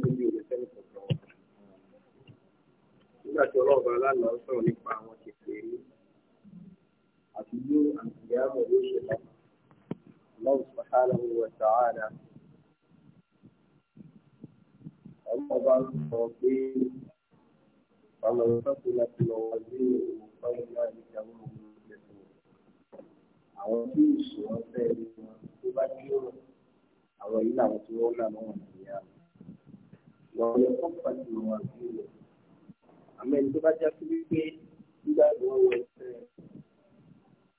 jẹ́ pé bí orin sẹ́ni kọ̀ọ̀kan wọn. nígbà tí ọlọ́ọ̀bá aláàlá ń sọ̀rọ̀ nípa àwọn kékeré àti bí àgbéyàwó ló ṣe lọ. Allah subhanahu wa ta'ala. ọlọ́ọ̀bá ń sọ pé ọmọ ìfọ́kù láti lọ wá sí òkúta ìlú àyíká lóhùn ìgbésẹ̀ àwọn tí ìṣòro fẹ́ẹ́ rí wọn tó bá dúró àwọn yìí làwọn tí wọ́n là lọ́wọ́ nàìjíríà wà wọ́n kọ́ pàtó wọn àbí rẹ̀ àmọ́ ẹni tó bá já sí wípé nígbà tí wọ́n wọ ẹsẹ̀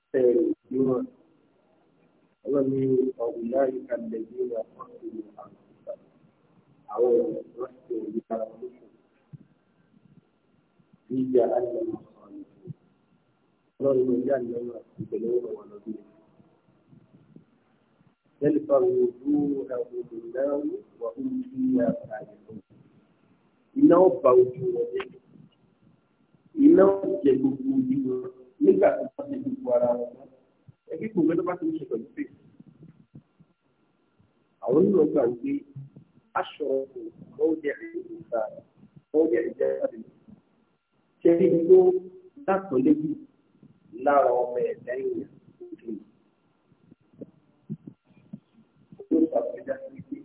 ẹsẹ̀ ìlú wọn ọlọ́ni ọ̀gbìnà ìkàlẹ̀ yìí ni wọ́n ti lè fà àwọn ọ̀rọ̀ wọ́n ti lè yí ara wọn lóṣù bí ìjà àjọ náà sọ ọ́ nìkan ọlọ́run ìjà àjọ náà ti tẹ̀lé wọn wọn lọ́dún yìí. تلقى وجوههم النار وهم فيها خالدون iná ọba ojú wọn jẹ iná jẹ gbogbo ojú wọn nígbà tó bá ti gbogbo ara wọn lọ ẹgbẹ́ gbogbo tó bá ti ń ṣe pẹ̀lú pé àwọn nínú ọgbà wípé aṣọ ọkọ ọdẹ ìgbà ọdẹ ìjà rẹ ṣe é ló látọ̀ lébù lára ọmọ ẹ̀dá èèyàn òkè yóò ṣàpèjá sí pé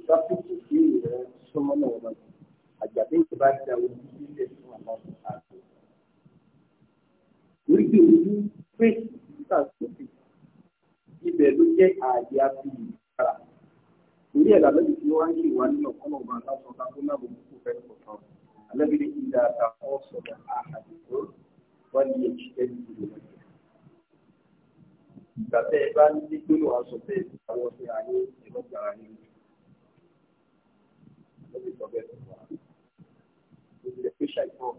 ìbáfíìsì sí ìrẹ́ náà àjàdé ìjọba da ojú sílẹ̀ fún àwọn àgbẹ̀. Orí ojú fèsì nígbà sókè ibẹ̀ ló jẹ́ ààyè àfihàn ìgbàra. Orí ẹ̀dá lọ́dún tí wọ́n ń ṣe wá nínú ọ̀kan ọ̀gbà aláṣọ ká tó náà lóko fẹ́ kọ̀ọ̀kan. Alábìrin ìdá àtà ọ̀sọ̀rọ̀ àhàdìgbò wọ́n ní èjì ẹni ìlú rẹ̀. Ìgbà tẹ́ ẹ bá ní gbígbóná aṣọ tẹ́ ẹ àwọn ọ̀sẹ̀ àárín ẹ̀rọ gbàrà ní ojú. Lọ́dún ìtọ́gbẹ́ tó wà tilẹ̀ pé ṣàìsàn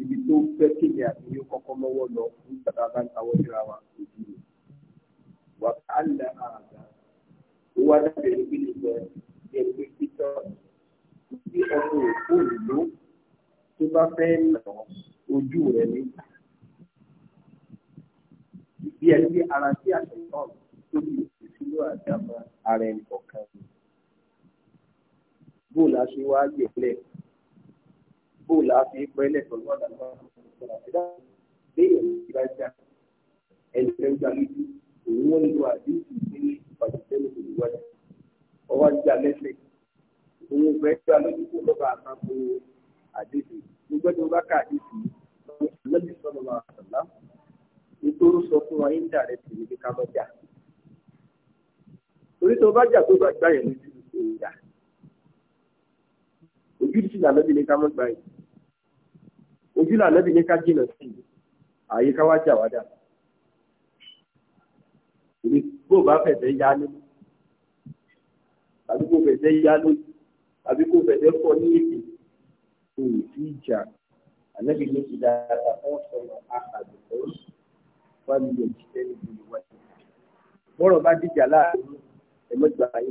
ibi tó fẹ́ kéde àbíyó kọ́kọ́ mọ́wọ́ lọ nígbà tá a bá ń tawọ́ síra wa ojú rẹ̀. wà á lẹ àgbà ó wá dábìí ẹni pé nígbà yẹ pé pítọ́ bí ọkọ̀ òfóònù ló tó bá fẹ́ nà ojú rẹ̀ níta. bí ẹni pé ara tí àṣetán tó bí ìṣúná àdámọ́ ara ẹnì kọ̀ọ̀kan. bóòlù aṣèwádìí ẹ̀lẹ́kọ̀ọ́ bó láti pẹ́lẹ̀ pẹ̀lú ọ̀dà náà ìdá béèrè ìgbà ìjà ẹni fẹ́ gbà lójú òun wọ́n nílò àdéhùn ìpínlẹ̀ ìbàdàn tẹ́lẹ̀ ìwádìí ọwọ́ ajá lẹ́sẹ̀ òun fẹ́ gbà lójú kó lọ́ba àtàkù àdéhùn gbogbo ẹni bá ká àdéhùn lọ́dún sọ̀rọ̀ máa sọ̀lá nítorí sọ fún wa yín dàrẹ́ tì níbi ká mọ́jà torí tó bá jà tó bá gbà yẹn lójú ojú ti nà lọ́dún ní ká mọ́gbà yìí ojú lànàbì ní ká jìnà sí ààyè ká wá jà wádà èmi bó bá fẹ̀fẹ̀ yá ní tàbí kó fẹ̀fẹ̀ yá lójú tàbí kó fẹ̀fẹ̀ fọ ní èdè kò sí ìjà ànàbì ní ti dáadáa fún sọ̀rọ̀ àkàdùkọ́ wà ní ẹ̀jì tẹ́lẹ̀ ní ìwádìí bọ́rọ̀ bá dìjà láàrin ẹ̀mọ́gbà ayé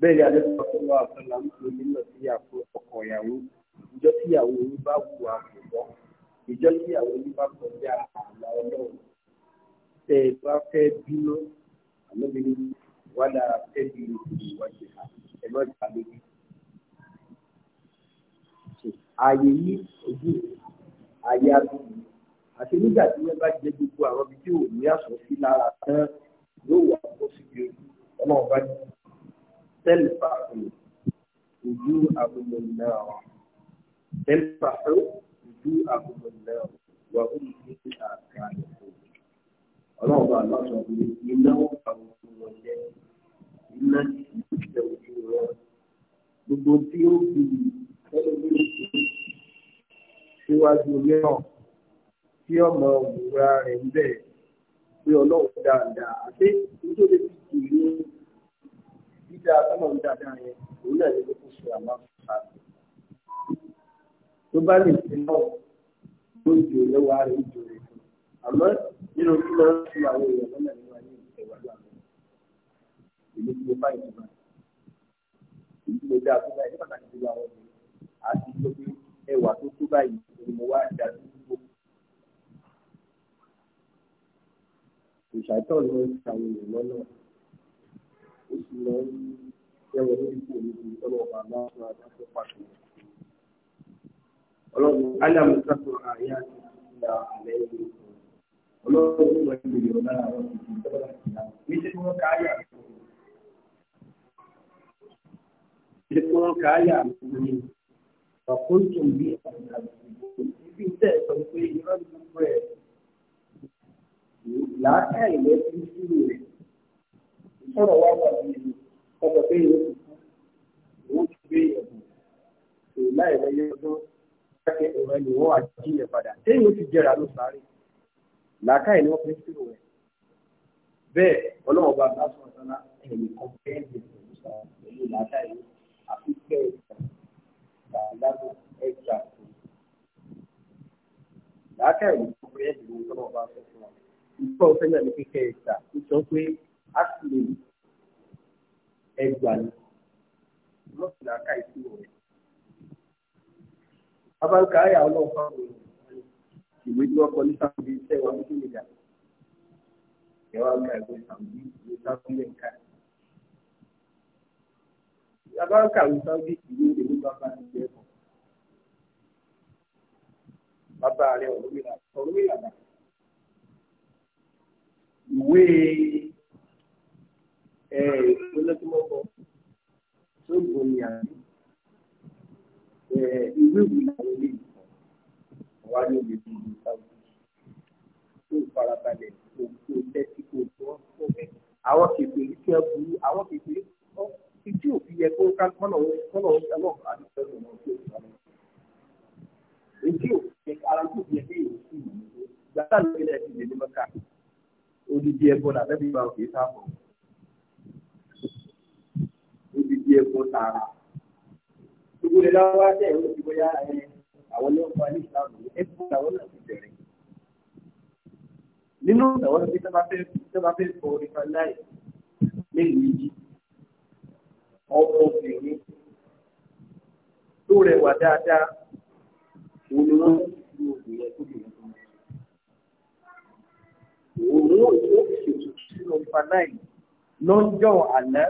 bẹ́ẹ̀ ni alẹ́ fún ọkọ̀ wa fún làwọn ìlú náà sí àpò ọkọ̀ ìyàwó ìjọ tí ìyàwó yín bá wù wá kò bọ́ ìjọ tí ìyàwó yín bá kọjá àlà ọlọ́run tẹ ẹ bá fẹ́ bínú àlọ́bìnrin wà lára fẹ́ bí ìwádìí ẹ má gbà lójú. ààyè yìí ojú ààyè àdúgbò àti nígbà tí wọ́n bá jẹ gbogbo àwọn ibi tí ò ní àsọsí lára tán yóò wà kó síbi ojú ọlọ́run bá jẹ tẹ́lifà ojú àkùnrin náà. تنفحوا وجوهكم النار وهم فيها كالحون ọlọ́run bá lọ sọ pé iná àwọn ọmọ jẹ iná ìṣẹ́ ojú wọn gbogbo tí ó fi ẹlẹ́gbẹ́ òkú síwájú mìíràn tí ọmọ òwúra rẹ̀ ń bẹ̀ pé ọlọ́run dáadáa àti nítorí tí kì í ní dídá ọlọ́run dáadáa yẹn òun náà ní kókó ṣe àmọ́ àti tó bá lè fi náà yóò di ẹwà rẹ̀ jù rẹ̀ àmọ́ nínú kí lọ́ọ́ fi àwọn èèyàn lọ́nà ní wa ní ìwà lọ́wọ́ èmi tí mo bá ìtura èmi tí mo dá tó báyìí nígbà tí mo bá wọn mi àti tó bí ẹwà tó tó báyìí ni mo wá dá sí gbogbo. ìṣàtọ̀ ló ń ta àwọn èèyàn lọ́nà ó sì lọ ń yẹ̀wò lórí kò ní ìlú ọlọ́ọ̀bà náà fún àdáṣe pàtó ọlọ́run alámùsàtọ̀ àyà ti fi àlẹ́ ìlú ọlọ́run tó wà níbi ìrọ̀lá àwọn ìdílé tó bá ti dá ní tí wọ́n ká àyà ní tí wọ́n ká àyà ní ọ̀pọ̀lọpọ̀ bí ibi tẹ̀ sọ pé irọ́ ní gbogbo ẹ̀ làákà ìlẹ́ fi ń sílù rẹ̀ ìṣòro wà wà ní ọkọ̀ pé yóò ti kú yóò ti gbé ẹ̀bùn èèlà ìlẹ́yẹ ọdún. pé ọ̀rọ̀ ẹni wọ́n àjíyàn padà téèyàn ti jẹ́ra n'aka sáré làákàyè ni nwere, fi ń sírò rẹ̀ bẹ́ẹ̀ ọlọ́run bá bá sọ̀rọ̀ sọ́nà ẹ̀yìn kan bẹ́ẹ̀ ni pẹ̀lú làákàyè àfi pẹ́ ìgbà lábọ̀ ẹgbà na làákàyè ni wọ́n a abáńkà ayà ọlọ́run fáwọn ìwé tí wọ́n kọ ní sáfìdì iṣẹ́ wa ní kílìdà ìwà ń ka ìwé sáfìdì ìwé sáfìdì ń ka abáńkà ìwé sáfìdì ìwé ìwé bàbá ti jẹ́ ẹ̀kọ́ bàbá rẹ̀ ọ̀rọ̀mìlà ọ̀rọ̀mìlà bàbá ìwé ẹ̀ ìpínlẹ̀ tí wọ́n kọ tó gbòmìnira ìwé ìwé ìyàwó lè kọ́ wá ní òye tó ń sáwọ́ tó farabalẹ̀ tó tó tẹ́tí kó tó ọ́ àwọn kékeré tí ẹ burú àwọn kékeré tí ò fi yẹ kó kọ́nà kọ́nà ọlọ́run àti ìfẹ́ràn ọ̀hún tó ń sáwọ́ èyí ò fi ara tó fi yẹ kó yẹ kó yẹ gbàtà lórí ẹ̀ ti lè ní mọ́ká odidi ẹ̀kọ́ náà lẹ́bi ìgbà òkè sáfọ̀ odidi ẹ̀kọ́ tààrà gbogbo rẹ̀ láwá tẹ̀ ó ti bóyá àwọn ní ọkọ̀ ní ìsìlámù ẹ kú àwọn náà ti bẹ̀rẹ̀. nínú àwọn ọ̀sẹ̀ tó máa fẹ́ tó máa fẹ́ fọ ìfà láì lẹ́yìn méjì ọkọ̀ obìnrin tó rẹwà dáadáa òun ni wọ́n ti fi òògùn yẹn tó bìnrin tó mọ̀. òun náà yóò fi òṣèlú sínú ìfà láì lọ́jọ́ àná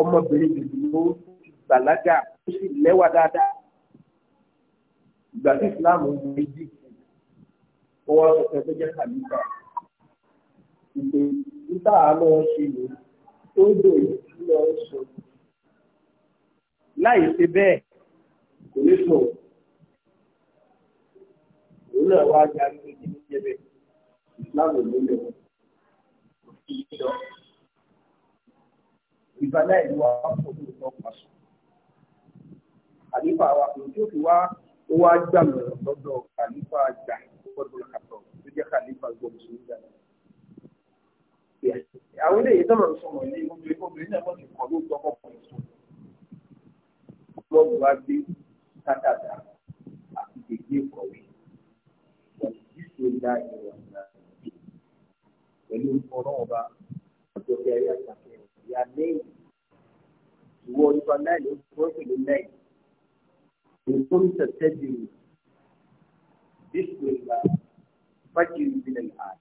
ọmọbìnrin tuntun ló gbàlágà ó sì lẹ́wà dáadáa ìgbà tí ìsìláàmù ń gbé egypt ó wá sọ pé tó jẹ́ kàlífà ìpè níta àánú ṣe lò tó dò yìí lọ sọ láì ṣe bẹ́ẹ̀ kò ní sọ òun náà wá yarí ní kíní ìsìláàmù ló lè wọ ìgbà náà ìlú àwọn akọ̀wé ìtọ́ pàṣẹ àlífà wa kò tí ó fi wá ó wá gbà lọ́rọ̀ lọ́dọ̀ àlífà àgbà gbọ́dọ̀ kàtọ̀ tó jẹ́ àlífà gbọ́dọ̀ sí ìgbà náà. àwọn eléyìí tó lọ́ọ́ sọ̀rọ̀ ní obìnrin obìnrin náà wọ́n ti kọ́ ló tọ́ kọ́kọ́ sọ. lọ́ọ̀bù wa gbé kádàdà àti gègé kọ̀wé wọ́n ti ṣe dá ìwọ̀n náà pẹ̀lú ọ̀rọ̀ ọba ọjọ́ ayé àtàkùn ìyá lẹ́yìn ìwọ ìfọ̀ náà ló ń pè ní lẹ́yìn. كنتم تتبعوا بسم الله فجروا من الآن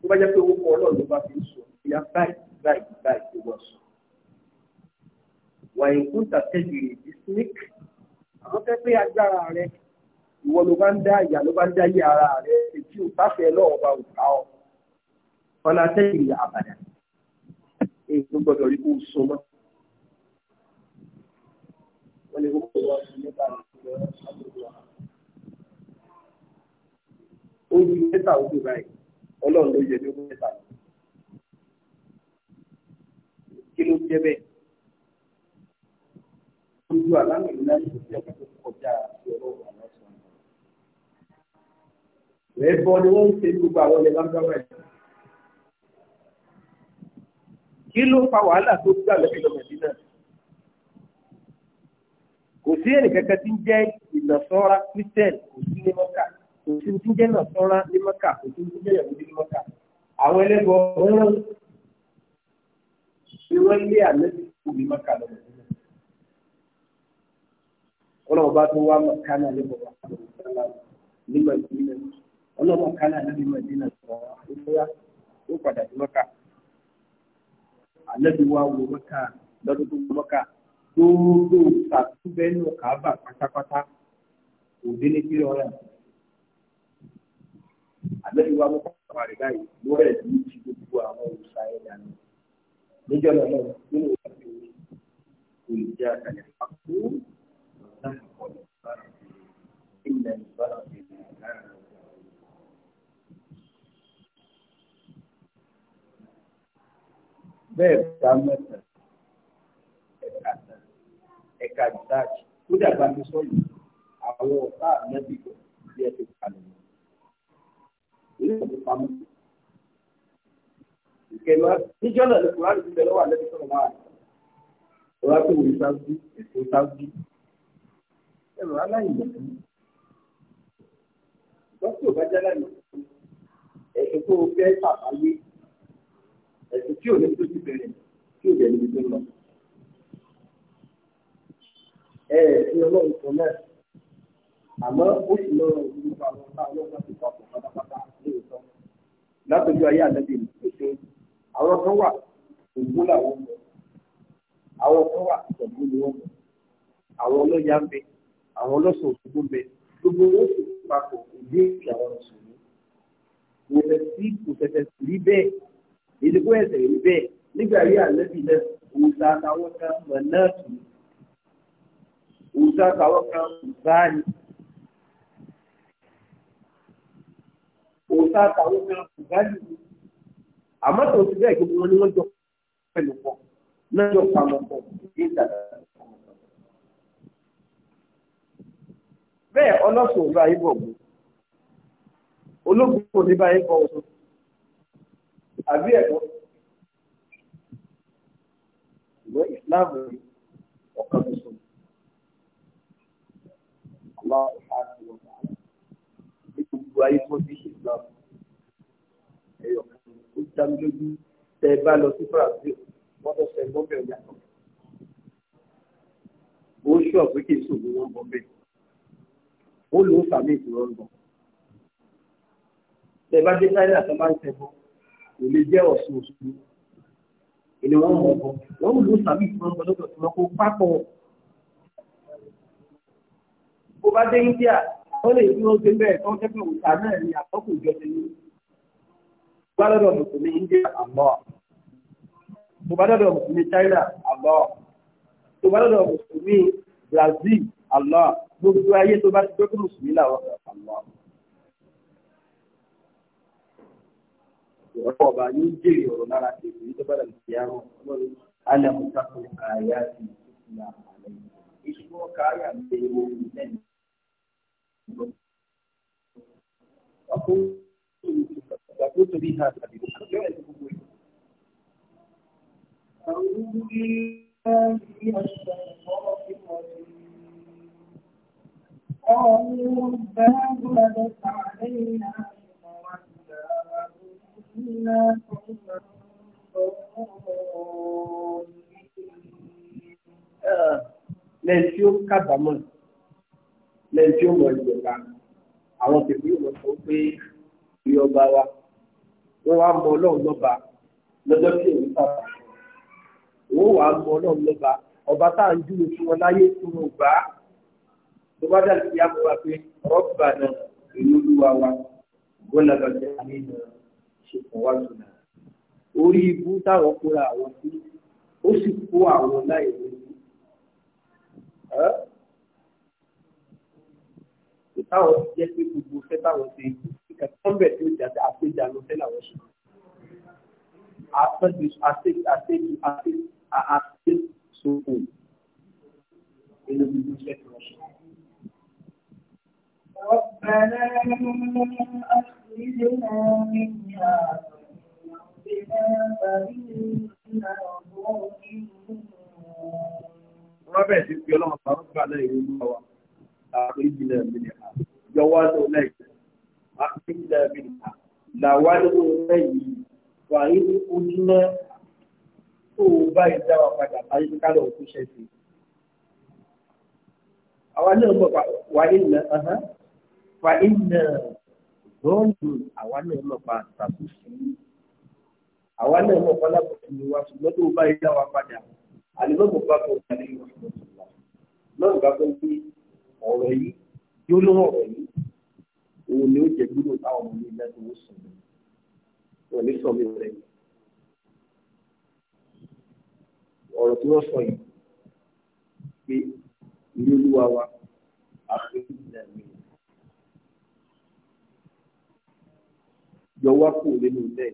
tó bá jẹ́ pé owó ọlọ́run ló bá fi ń sọ ìyá báyìí báyìí báyìí ló wọ́n sọ. wàyí kún tàtẹ́jì ìdí snick àwọn fẹ́ pé agbára rẹ ìwọ ló bá ń dá ìyá ló bá ń dá yé ara rẹ ètí ò o so ó ju mẹ́ta ó kù báyìí ọlọ́run ló yẹ ní ogún mẹ́ta kí ló jẹ́ bẹ́ẹ̀ ojú àlámì ńlá ní ìgbésẹ̀ tó kọjá àti ọlọ́run àlọ́ sọ rẹ̀ bọ́ ni wọ́n ń ṣe gbogbo àwọn ilẹ̀ lágbára ẹ̀ kí ló fa wàhálà tó gbà lẹ́yìn lọ́mọdé náà. kò sí ẹnìkankan tí ń jẹ́ ìnàsọ́ra christian kò sí ní mọ́kà kò tí ń jẹ́ ìnàsọ́ra ní mọ́kà kò tí ń jẹ́ ìyàwó ní mọ́kà àwọn ẹlẹ́gbọ́ ọ̀rọ̀ ni wọ́n lé àlẹ́bí kò ní mọ́kà lọ́wọ́ ọlọ́wọ́ bá tó wá mọ̀ká náà lẹ́bọ̀ wá ní mọ̀dínà ọlọ́wọ́ mọ̀ká náà ó padà sí wá tó gbogbo ìtàkùbẹ́ nù kábà pátápátá kò dé ní kí lọ́ọ̀rẹ́ àbẹ́rẹ́ wa mú pàpà rẹ̀ báyìí lórí ẹ̀ ní ti gbogbo àwọn òòṣà ẹ̀yà náà níjọ́ náà náà nínú ìwà tí o kò lè jẹ́ àkàlẹ̀ pàkó náà kọ̀ lọ sára ilẹ̀ ìbára ìlú náà. bẹ́ẹ̀ bá mẹ́ta ẹ̀ka ìsáàjì kódà bá mi sọ yìí àwọn ọ̀tá ànábì kan bí ẹ ti kà lẹ́yìn. ilé ìwé pamọ́. ìkẹlẹ níjọ́ náà ni kùránì ti bẹ lọ́wọ́ ànábì sọ̀rọ̀ máa rẹ̀. ọ̀rọ̀ tó wù sáfù ètò sáfù. ẹ̀rọ aláìmọ̀ fún mi. dókítà bá jẹ́ láìmọ̀ fún mi. ẹ̀sùn tó fẹ́ pàpáyé ẹ̀sùn tí ò ní tó ti bẹ̀rẹ̀ tí ò dẹ̀ níbi tó lọ. ẹ̀sìn ọlọ́run kan náà àmọ́ ó sì lọ rọrùn nínú àwọn ọba ọlọ́run ti papọ̀ pátápátá lóòótọ́ látọjú ayé àlẹ́bí ìpèsè àwọn kan wà ògbó làwọn mọ̀ àwọn kan wà ìtọ̀gbó ni wọ́n mọ̀ àwọn ọlọ́yà ń bẹ àwọn ọlọ́sọ̀ òṣogbo ń bẹ gbogbo wọn sì papọ̀ ìdí èyí àwọn ọ̀ṣun kò tẹ̀sí kò tẹ̀sẹ̀ rí bẹ́ẹ̀ èdè ẹ̀sẹ̀ rí bẹ́ẹ̀ nígbà ayé àlẹ́bí náà òun ta kan mọ̀ náà tù òòṣà tàwọn kan òòṣà ni òòṣà tàwọn kan òòṣà ni àmọ́ tó ti bẹ́ẹ̀ gbogbo wọn ni wọ́n jọ pẹ̀lú pọ̀ náà jọ pamọ́ pọ̀ ní ìdàgbà. bẹ́ẹ̀ ọlọ́sùn òru ayé bọ̀ gbó ológun kò ní báyé bọ̀ ọ̀sùn àbí ẹ̀kọ́ ìwé ìsìláàmù ọ̀kan tuntun. Allah subhanahu wa ta'ala ní gbogbo ayé tí wọ́n ti ṣe islam ẹ̀yọ̀ ó dá mi lójú tẹ́ ẹ bá lọ sí Brazil wọ́n tó sọ ẹ̀gbọ́n bẹ̀rẹ̀ yàtọ̀ ó ṣọ́ pé kì í ṣòwò wọn bọ̀ bẹ́ẹ̀ ó lò ó sàmì ìṣòro ọ̀gbọ̀n tẹ́ ẹ bá dé China tó máa ń kò lè jẹ́ ọ̀ṣun òṣù ìní mọ̀ ọ̀gbọ̀n wọ́n lò ó sàmì ìṣòro ọ̀gbọ̀n tí wọ́n kó pápọ̀ bó bá dé India ó lè dúró sí bẹ́ẹ̀ tó ń tẹ́kọ̀ òkà náà ní àkọ́kù ìjọba ní gbálọ́dọ̀ mùsùlùmí India àlọ́ tó bá dọ̀dọ̀ mùsùlùmí China àlọ́ tó bá dọ̀dọ̀ mùsùlùmí Brazil àlọ́ gbogbo ayé tó bá ti dọ́kọ̀ mùsùlùmí làwọn àlọ́. ọ̀rọ̀ ọba ní jèrè ọ̀rọ̀ lára kejì tó bá dàbí ti àrùn alẹ́ mú sáfù àyà ti ìlà àlẹ́ ìṣúná káyà ń bẹ ìwọ فقلت بها أعوذ بالله من الشيطان الرجيم قالوا ربنا غلبت علينا شقوتنا وكنا قوما ضالين lẹ́yìn tí ó kábàámọ̀ lẹ́yìn tí ó mọ̀ ní mọ ọlọ́run lọ́ba lọ́jọ́ tí èyí sábà òun wàá mọ ọlọ́run lọ́ba ọba tá à ń dúró fún wọn láyé fún wọn gbà á tó bá dàbí ìyá mi wá pé rọ́bà náà èyí olúwa wa gbọ́dọ̀ lọ́jọ́ àmì náà ṣe fún wa jù náà orí ibú táwọn kóra àwọn sí ó sì kó àwọn láì lóyún táwọn ti jẹ́ pé gbogbo fẹ́ táwọn ṣe ìkàtọ́ńbẹ̀ tó jáde àpéjà ló làwọn ṣe àtẹ́jú àtẹ́jú àtẹ́jú àtẹ́jú àtẹ́jú sóko eléyìí ló ṣe tó ṣe. ربنا أخرجنا منها Rọ́bẹ̀ ti fi ọlọ́run sọ̀rọ̀ gbà náà ìlú lọ wa, àwọn ìjìnlẹ̀ ìbílẹ̀ ha, yọwọ́ lọ lẹ́yìn, àti wàyí ojúmọ́ tó o bá ìdá wa padà ayé ká lọ òkú ṣe sí. àwa náà mọ̀ wàyí nà wàyí nà bọ́ọ̀lù àwa náà mọ̀ pa àtàkùn sí. àwa náà mọ̀ pa lábùkù ni wa ṣùgbọ́n tó o bá ìdá wa padà àlùmọ́ọ̀mù bá kọ̀ ọ̀dàlẹ́ ìwà ìwà lọ́rùn bá fẹ́ gbé ọ̀rọ̀ yìí yóò lọ́wọ́ ọ̀rọ̀ yìí òun ni ó jẹ́ gbúdọ̀ táwọn ọmọ ilé lẹ́nu kò ní sọ mi rẹ̀. ọ̀rọ̀ tí wọ́n sọ yìí pé ilé olúwa wa àfi ìdàgbé yọ wá kúrò nínú ilé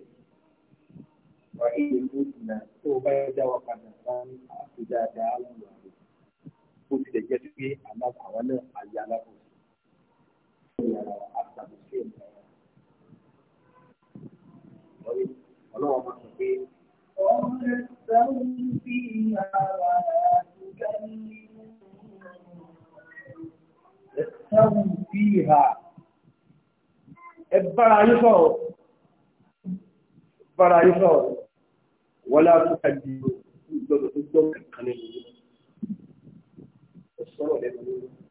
wà ilé ìgbóhùnà tó o bá yẹ dá wa padà bá ní àfi dáadáa wù bó tilẹ̀ jẹ́ pé àwọn náà àyè alábòsí ọlọ́wọ́ máa sọ pé. Ẹ̀sẹ̀wù bí ìhà tó gbọ́ kankan nínú yín. Ẹ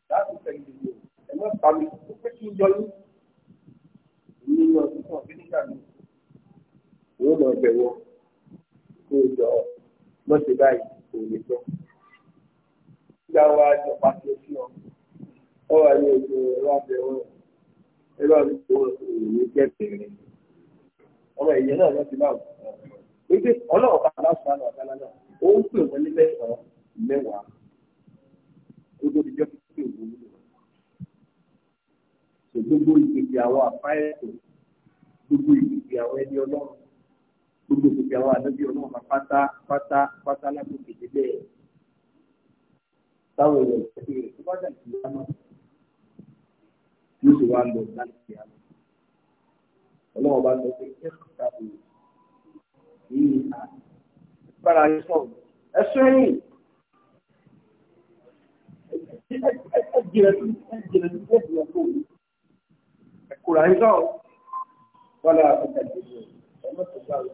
láti tẹ̀lé yín ẹ má bá nínú ọdún kan bí nígbà wọ́n máa bẹ̀wọ̀ kó o jọ mọ́tò báyìí kò lè tọ́. Nígbà wa jọ pàṣẹ sí ọ, ọ wà ní ètò ẹ̀rọ àbẹ̀wọ̀ ẹ̀rọ àbẹ̀wọ̀ òní Ọmọ ìyẹn náà lọ́ọ́ ti ọlọ́run bá àná náà, ó ń pè wọ́n ní mẹ́sàn-án mẹ́wàá. Ó tó ti kí ó wù ú. Ṣé gbogbo àwọn gbogbo òkùnkùn àwọn àdóbi ọlọ́run bá pátá pátá pátá lágbègbè débẹ̀ táwọn èèyàn ìpàdé rẹ̀ tó bá dà sí lánàá yóò sì wá lọ láti fi àná ọlọ́run bá sọ pé ẹ̀kọ́ tábù yìí à bára yín sọ̀rọ̀ ẹ̀sùn ẹ̀yìn ẹ̀jìnlẹ̀ tó ẹ̀jìnlẹ̀ tó ẹ̀jìnlẹ̀ tó ẹ̀kọ́ rà yín sọ̀rọ̀ wọ́n lọ́wọ́ àti ẹ̀jìnlẹ̀ tó kama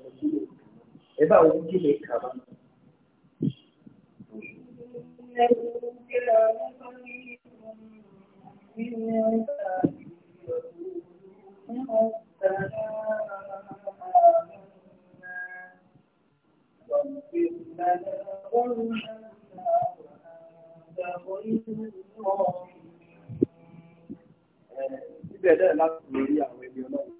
Ibẹ̀ dẹ̀ láti lórí àwọn ẹni ọlọ́run.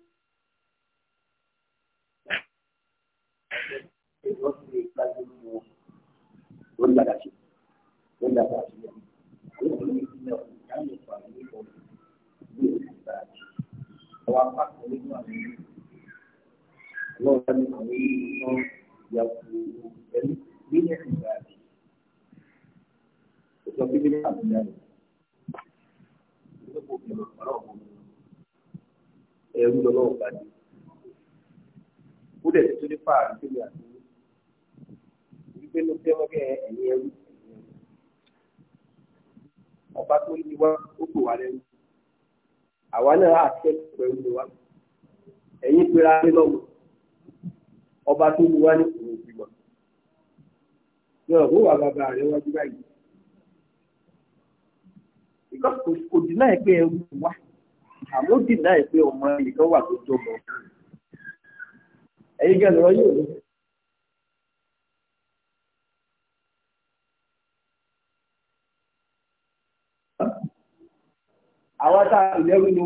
ọba tó wá ní òun wa náà wà bàbá rẹ wájú báyìí kò dínà ẹ pé ẹrú wá àmọ́ dínà ẹ pé ọmọ nìkan wà tó jọmọ ẹ̀yin gẹ́gẹ́ lọ́wọ́ yóò àwọn tá a lè lẹ́rú ni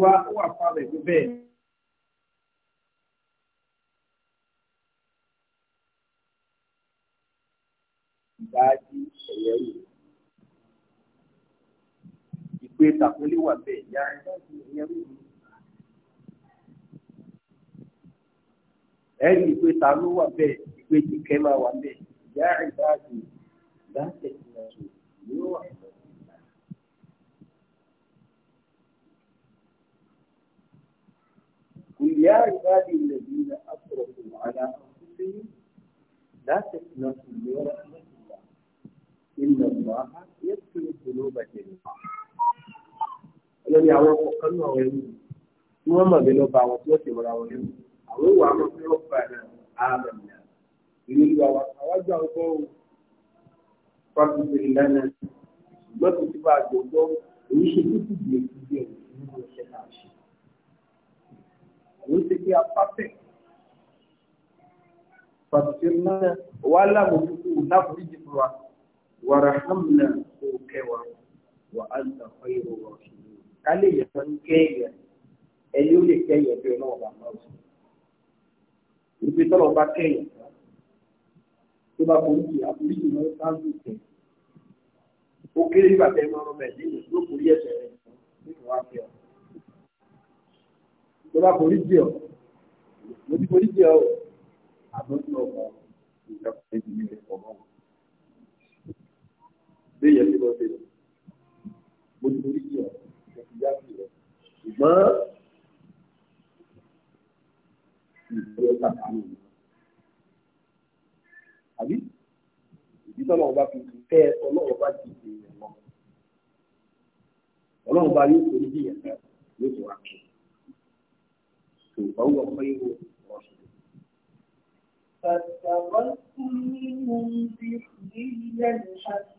ìdájí ẹ̀yẹ rò ìpè tàkúnlé wà bẹ́ẹ̀ yá ẹ̀yẹ rò ẹ̀rí ìpè ta wà bẹ́ẹ̀ ìpè tìkẹ́ máa wà bẹ́ẹ̀ yá ìdájí ìdájí ẹ̀yẹ rò yóò wà bẹ́ẹ̀. قل يا عبادي الذين أسرفوا على أنفسهم لا تقنطوا من رحمة inna Allaha yaghfiru dhunuba jami'a. ọlọ́ni àwọn kọ̀ọ̀kan náà wọ́n ẹ̀rù tí wọ́n mọ̀ mí lọ́ba àwọn tí wọ́n ti rọra wọn lẹ́nu àwọn ìwà àwọn tí wọ́n fà náà ààbẹ̀ mi náà ìlú ìlú àwọn àwájú àwọn ọgbọ́n fàbí bèrè lánàá ṣùgbọ́n tó ti bá a gbọ́ èyí ṣe dídì ti fi apá bẹ̀ fàbí bèrè lánàá wàhálà mọ̀ fífún un wàràhàmùnà kò kẹwàá wà á nà ọyọ wà kìlú kálí yẹn máa ń kẹyẹ ẹni ó lè kẹyẹ bí ọlọ́wọ́ bá máa sùn ibi tọ́lọ̀ bá kẹyẹ tó bá foríjì àforíjì máa ń sáńdù tẹ̀ ó kéré nígbà tẹ́ máa rọ bẹ́ẹ̀ nínú ló kórè ẹ̀sẹ̀ rẹ̀ nínú wa fi ọ̀ tó bá foríjì ọ̀ mo ti foríjì ọ̀ àbọ̀tún ọ̀pọ̀ ìjọba ìdílé rẹ̀ pọ̀ béèyàn ti lọ sílẹ̀ mo ti rí yàn mo ti yá sí rẹ ṣùgbọ́n ìgbẹ́ kàkà mi àbí ìdí tọ́lọ́ ọba fi kẹ́ ọlọ́wọ́ bá ti di ìyẹn lọ ọlọ́wọ́ bá yóò torí bí ìyẹn yóò tó wá kí tó bá wọ ọmọ yìí wọ ọ̀ṣun. فاتخذتم منهم سخريا حتى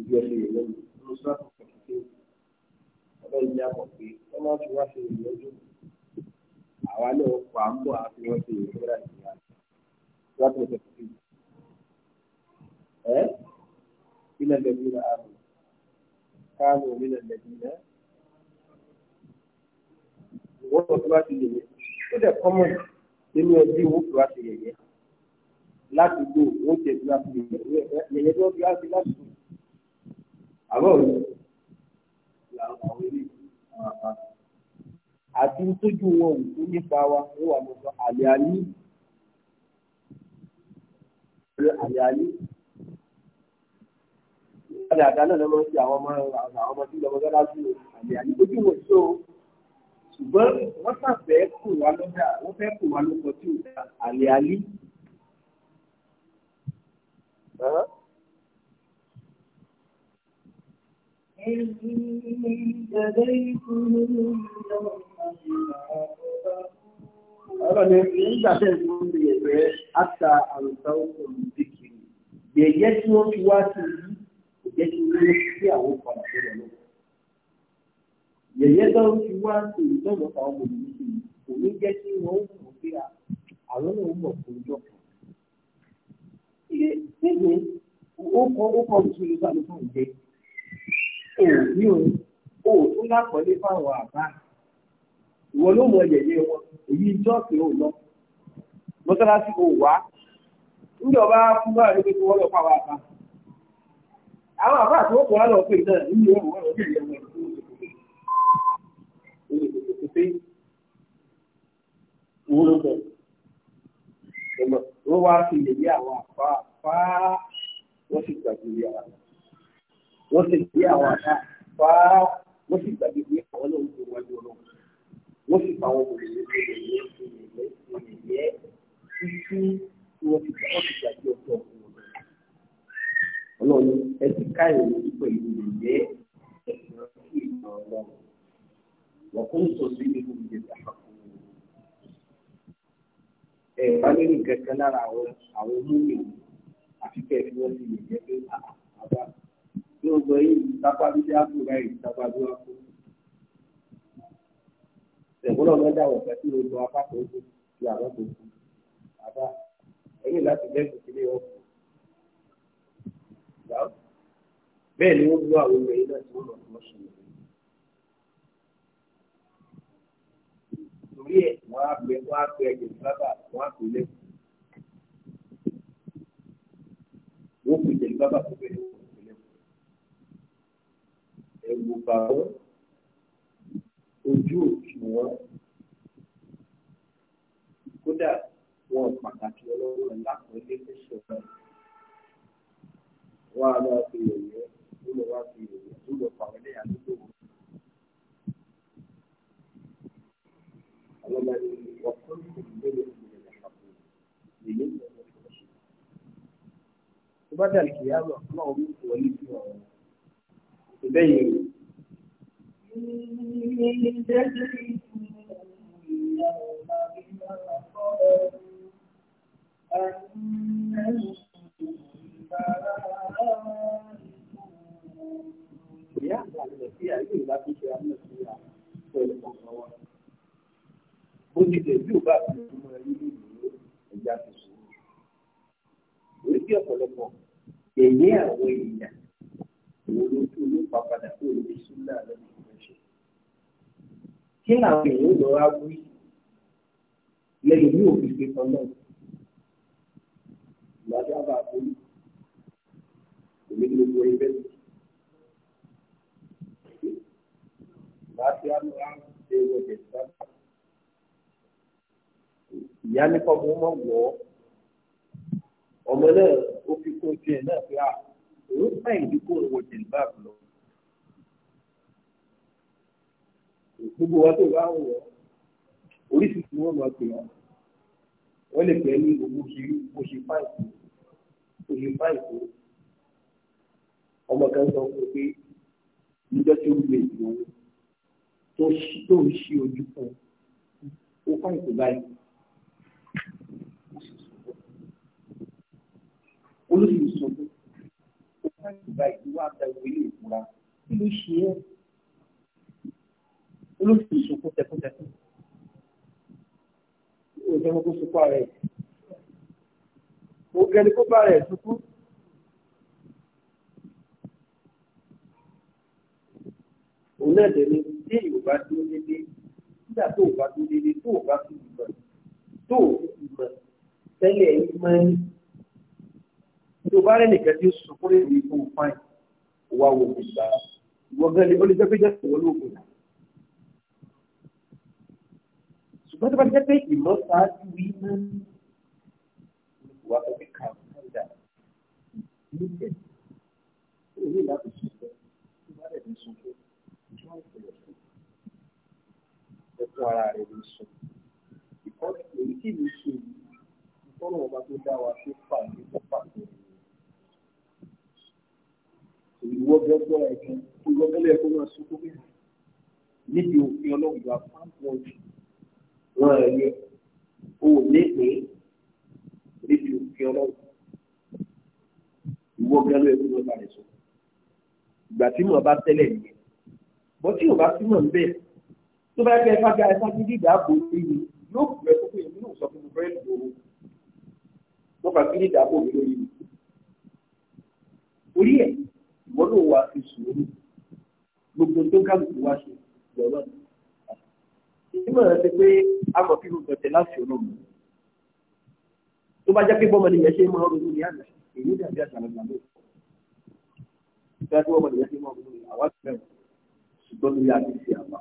ìjọsìn ìlẹ́nu ló sábà pẹ̀lú pé ọlọ́run ní àmọ̀ pé wọ́n máa fi wá ṣe ìrìnàjò àwa náà pa ń bọ̀ àfi wọ́n ṣe ìrìnàjò ìrìnàjò láti ọ̀sẹ̀ tó kéjì. ẹ ilẹ̀ lẹ́bí náà àrùn káàmù ilẹ̀ lẹ́bí náà wọ́n sọ pé láti yẹ̀yẹ́ ó dẹ̀ kọ́mọ̀ nínú ẹbí wọ́n fi wá ṣe yẹ̀yẹ́ láti gbó wọ́n jẹ̀ bí yẹ̀yẹ́ yẹ̀yẹ́ bí àbọ̀ àti tójú wọn ò tó nípa wa ó wà lọ́sọ àlẹ́ àní àlẹ́ àní ìpàdé àdá náà lọ́mọ sí àwọn ọmọ àwọn ọmọ tí lọ́mọ gádá sí àlẹ́ àní tójú wọn tó ṣùgbọ́n wọ́n sàfẹ́ kù wá lọ́dà wọ́n fẹ́ kù wá lọ́kọ̀ tí ò dá àlẹ́ àní. Ọlọ́ni nígbà tẹ́ ń fún mi ẹ̀fẹ́ àtà àrùntà òkun ìdíkì. Yẹ̀yẹ́ tí wọ́n fi wá sí yìí kò jẹ́ kí wọ́n sí àwọn padà tó lọ lọ́wọ́. Yẹ̀yẹ́ tó ń fi wá sí ìtọ́jọ́ àwọn ọmọ ìlú sí yìí kò ní jẹ́ kí wọ́n mọ̀ pé àwọn náà mọ̀ fún ọjọ́ kan. Ṣé ìwé ó kọ́ ó kọ́ ìṣòro sáà ló fún ìjẹ́ yìí? òbí o ò tún lápọ̀lé fáwọn àbá ìwọ ló mọ yẹ̀yẹ́ wọn èyí jọ́ọ̀sì ò lọ mọ́sálásí ò wá níbi ọba fún báyìí ló fi fi wọ́n lọ fáwọn àbá àwọn àbá àti pé wọ́n sì gbé àwọn àṣà wá wọ́n sì gbàgbé pé àwọn náà ń gbé wọn jọrọ wọ́n sì pa àwọn obìnrin ní ìrẹ̀lẹ̀ ìrẹ̀lẹ̀ ìrẹ̀lẹ̀ títí tí wọ́n ti gbà wọ́n ti gbàgbé ọjọ́ ọ̀gbìn ọ̀gbìn. ọlọ́run ẹ ti ká ìròyìn pẹ̀lú ìrẹ̀lẹ̀ ẹ̀sìn ọ̀gbìn ìmọ̀ ọlọ́run wọ́n kún sọ sí nínú ìdè ẹ bá lórí lára àwọn àwọn olóyè àfikẹ́ tí wọ́n ti lè jẹ́ pé ah, ah, àbá ní ọgbọ̀n yìí ìtapá bíi ápù rẹ̀ ìtapá bíi ápù. Ṣèwúrọ̀ lọ́jà wọ̀fẹ́ tí o lọ apá kan ojú ti àwọn tó kù. Àbá ẹ̀yìn láti lẹ́kùn sílé ọkùn. Bẹ́ẹ̀ ni wọ́n lo àwọn obìnrin náà tí wọ́n lọ fún ọ̀ṣun. Torí ẹ̀ wọ́n á pè wọ́n á pè ẹ̀jẹ̀ sábà wọ́n á pè lẹ́kùn. Wọ́n pè jẹ̀lú bábà tó bẹ̀rẹ̀ wọ̀ bà wọ́n ojú òkú wọn kódà wọn pàtàkì ọlọ́wọ́ lápẹ̀lé lẹ́sẹ̀ wọn wọn a máa fi yẹ̀yẹ́ ó lọ wá fi yẹ̀yẹ́ ó lọ pàwọn ẹlẹ́yà lóko wọn. àwọn ọmọ ẹni wọn kọ́ ní ìdílé ìdílé ìdàgbàsókè èyí ni wọn fi wọ́n ṣe. tó bá dàlùkì yá lọ fún àwọn olùkọ́ wọlé sí ọ̀rọ̀ ìbẹ́yìn rẹ̀. تجري èyí àwọn èèyàn òun lójú ló pa padà kó lè sún náà kí làwọn èèyàn lọ wá wí lẹ́yìn ní òfin ṣe kan náà ìwádìí àbá àbórí èmi ni mo ẹgbẹ́ mi. láti àná ṣe wọ ìjẹsà ìyá ní kọ́mọ mọ̀ wọ́ ọmọ náà ó fi kó tiẹ̀ náà pé à òun fẹ́ ìdíkò wọ ìjẹsà lọ. gbogbo wa tó bá ń wọ̀ oríṣiríṣi wọn máa pè wọn wọn lè pè é ní gbogbo kiri bó ṣe fáìpù bó ṣe fáìpù ọmọ kan sọ fún un pé níjọ́ tí ó lè lò ó tó ń ṣí ojú fún ó fáìpù báyìí. olóṣèlú sọ fún un ó fáìpù báyìí wọ́n á da ìwé ilé ìfura kí ló ṣe é olóṣù ìṣòkò tẹkùtẹkù òjò ọmọ kó sopọ̀ rẹ̀ ó gẹ́ni kó bá rẹ̀ sopọ̀. òun náà dẹ̀ ni tí yorùbá dúró dédé nígbà tó o bá dúró dédé tó o bá fi ìmọ̀ tó o fi ìmọ̀ tẹ́lẹ̀ ìmọ̀ ẹni tó bá rẹ̀ nìkan tí ó sọ fún ìwé ìfowópamọ́ ìwà òwò ìgbà ìwọ̀gán ni ó lè jẹ́ pé jẹ́ ìwọ́n lóògùn náà. ṣùgbọ́n tó bá jẹ́ pé ìmọ̀ ṣáájú yìí mọ́ ìwà tó fi kà ó kọjá ní ṣe tó ní láti ṣùgbọ́n tó bá rẹ̀ ní ṣùgbọ́n tó wà ìpìlẹ̀ fún ẹ̀kọ́ ara rẹ̀ ní sùn ìkọ́ èyí kì í ṣe ìtọ́nà ọba tó dá wa tó fà ní pọ́pà tó ìwọ́gbẹ́gbọ́ ẹ̀kẹ́ ìwọ́gbẹ́lẹ̀ ẹ̀kọ́ náà sókó bẹ́ẹ̀ níbi òfin ọlọ́run ìwà fáńpọ̀ ọ̀jù wọn ẹ̀ ní o ò lépè níbi òfin ọlọ́run ìwọ gan ló yẹ kó lọ́ba rẹ̀ sọ ìgbà tí mọ̀ bá tẹ́lẹ̀ nìyẹn bọ́ tí ò bá sí mọ̀ níbẹ̀ tó bá kẹ́ ẹ fájà ẹ fájì dídà bò mí ni yóò kú ẹ kókó èmi náà sọ fún mi fẹ́ẹ́ lò ó wọ́n fà kí dídà bò lórí mi orí ẹ̀ ìwọ náà wà fi sùúrù gbogbo tó kálukú wá ṣe lọ́lọ́run nígbà tó ti pé amọ̀fin ló gbẹ̀tẹ̀ láti olóòmù tó bá jẹ́ pé bọ́mọ nìyẹn ṣe máa ń ronú ní àná èyí ní àbí àgbàlagbà ló tó bá jẹ́ bọ́mọ nìyẹn ṣe máa ń ronú ní àwa ti bẹ̀rù ṣùgbọ́n lórí àti ṣe àbá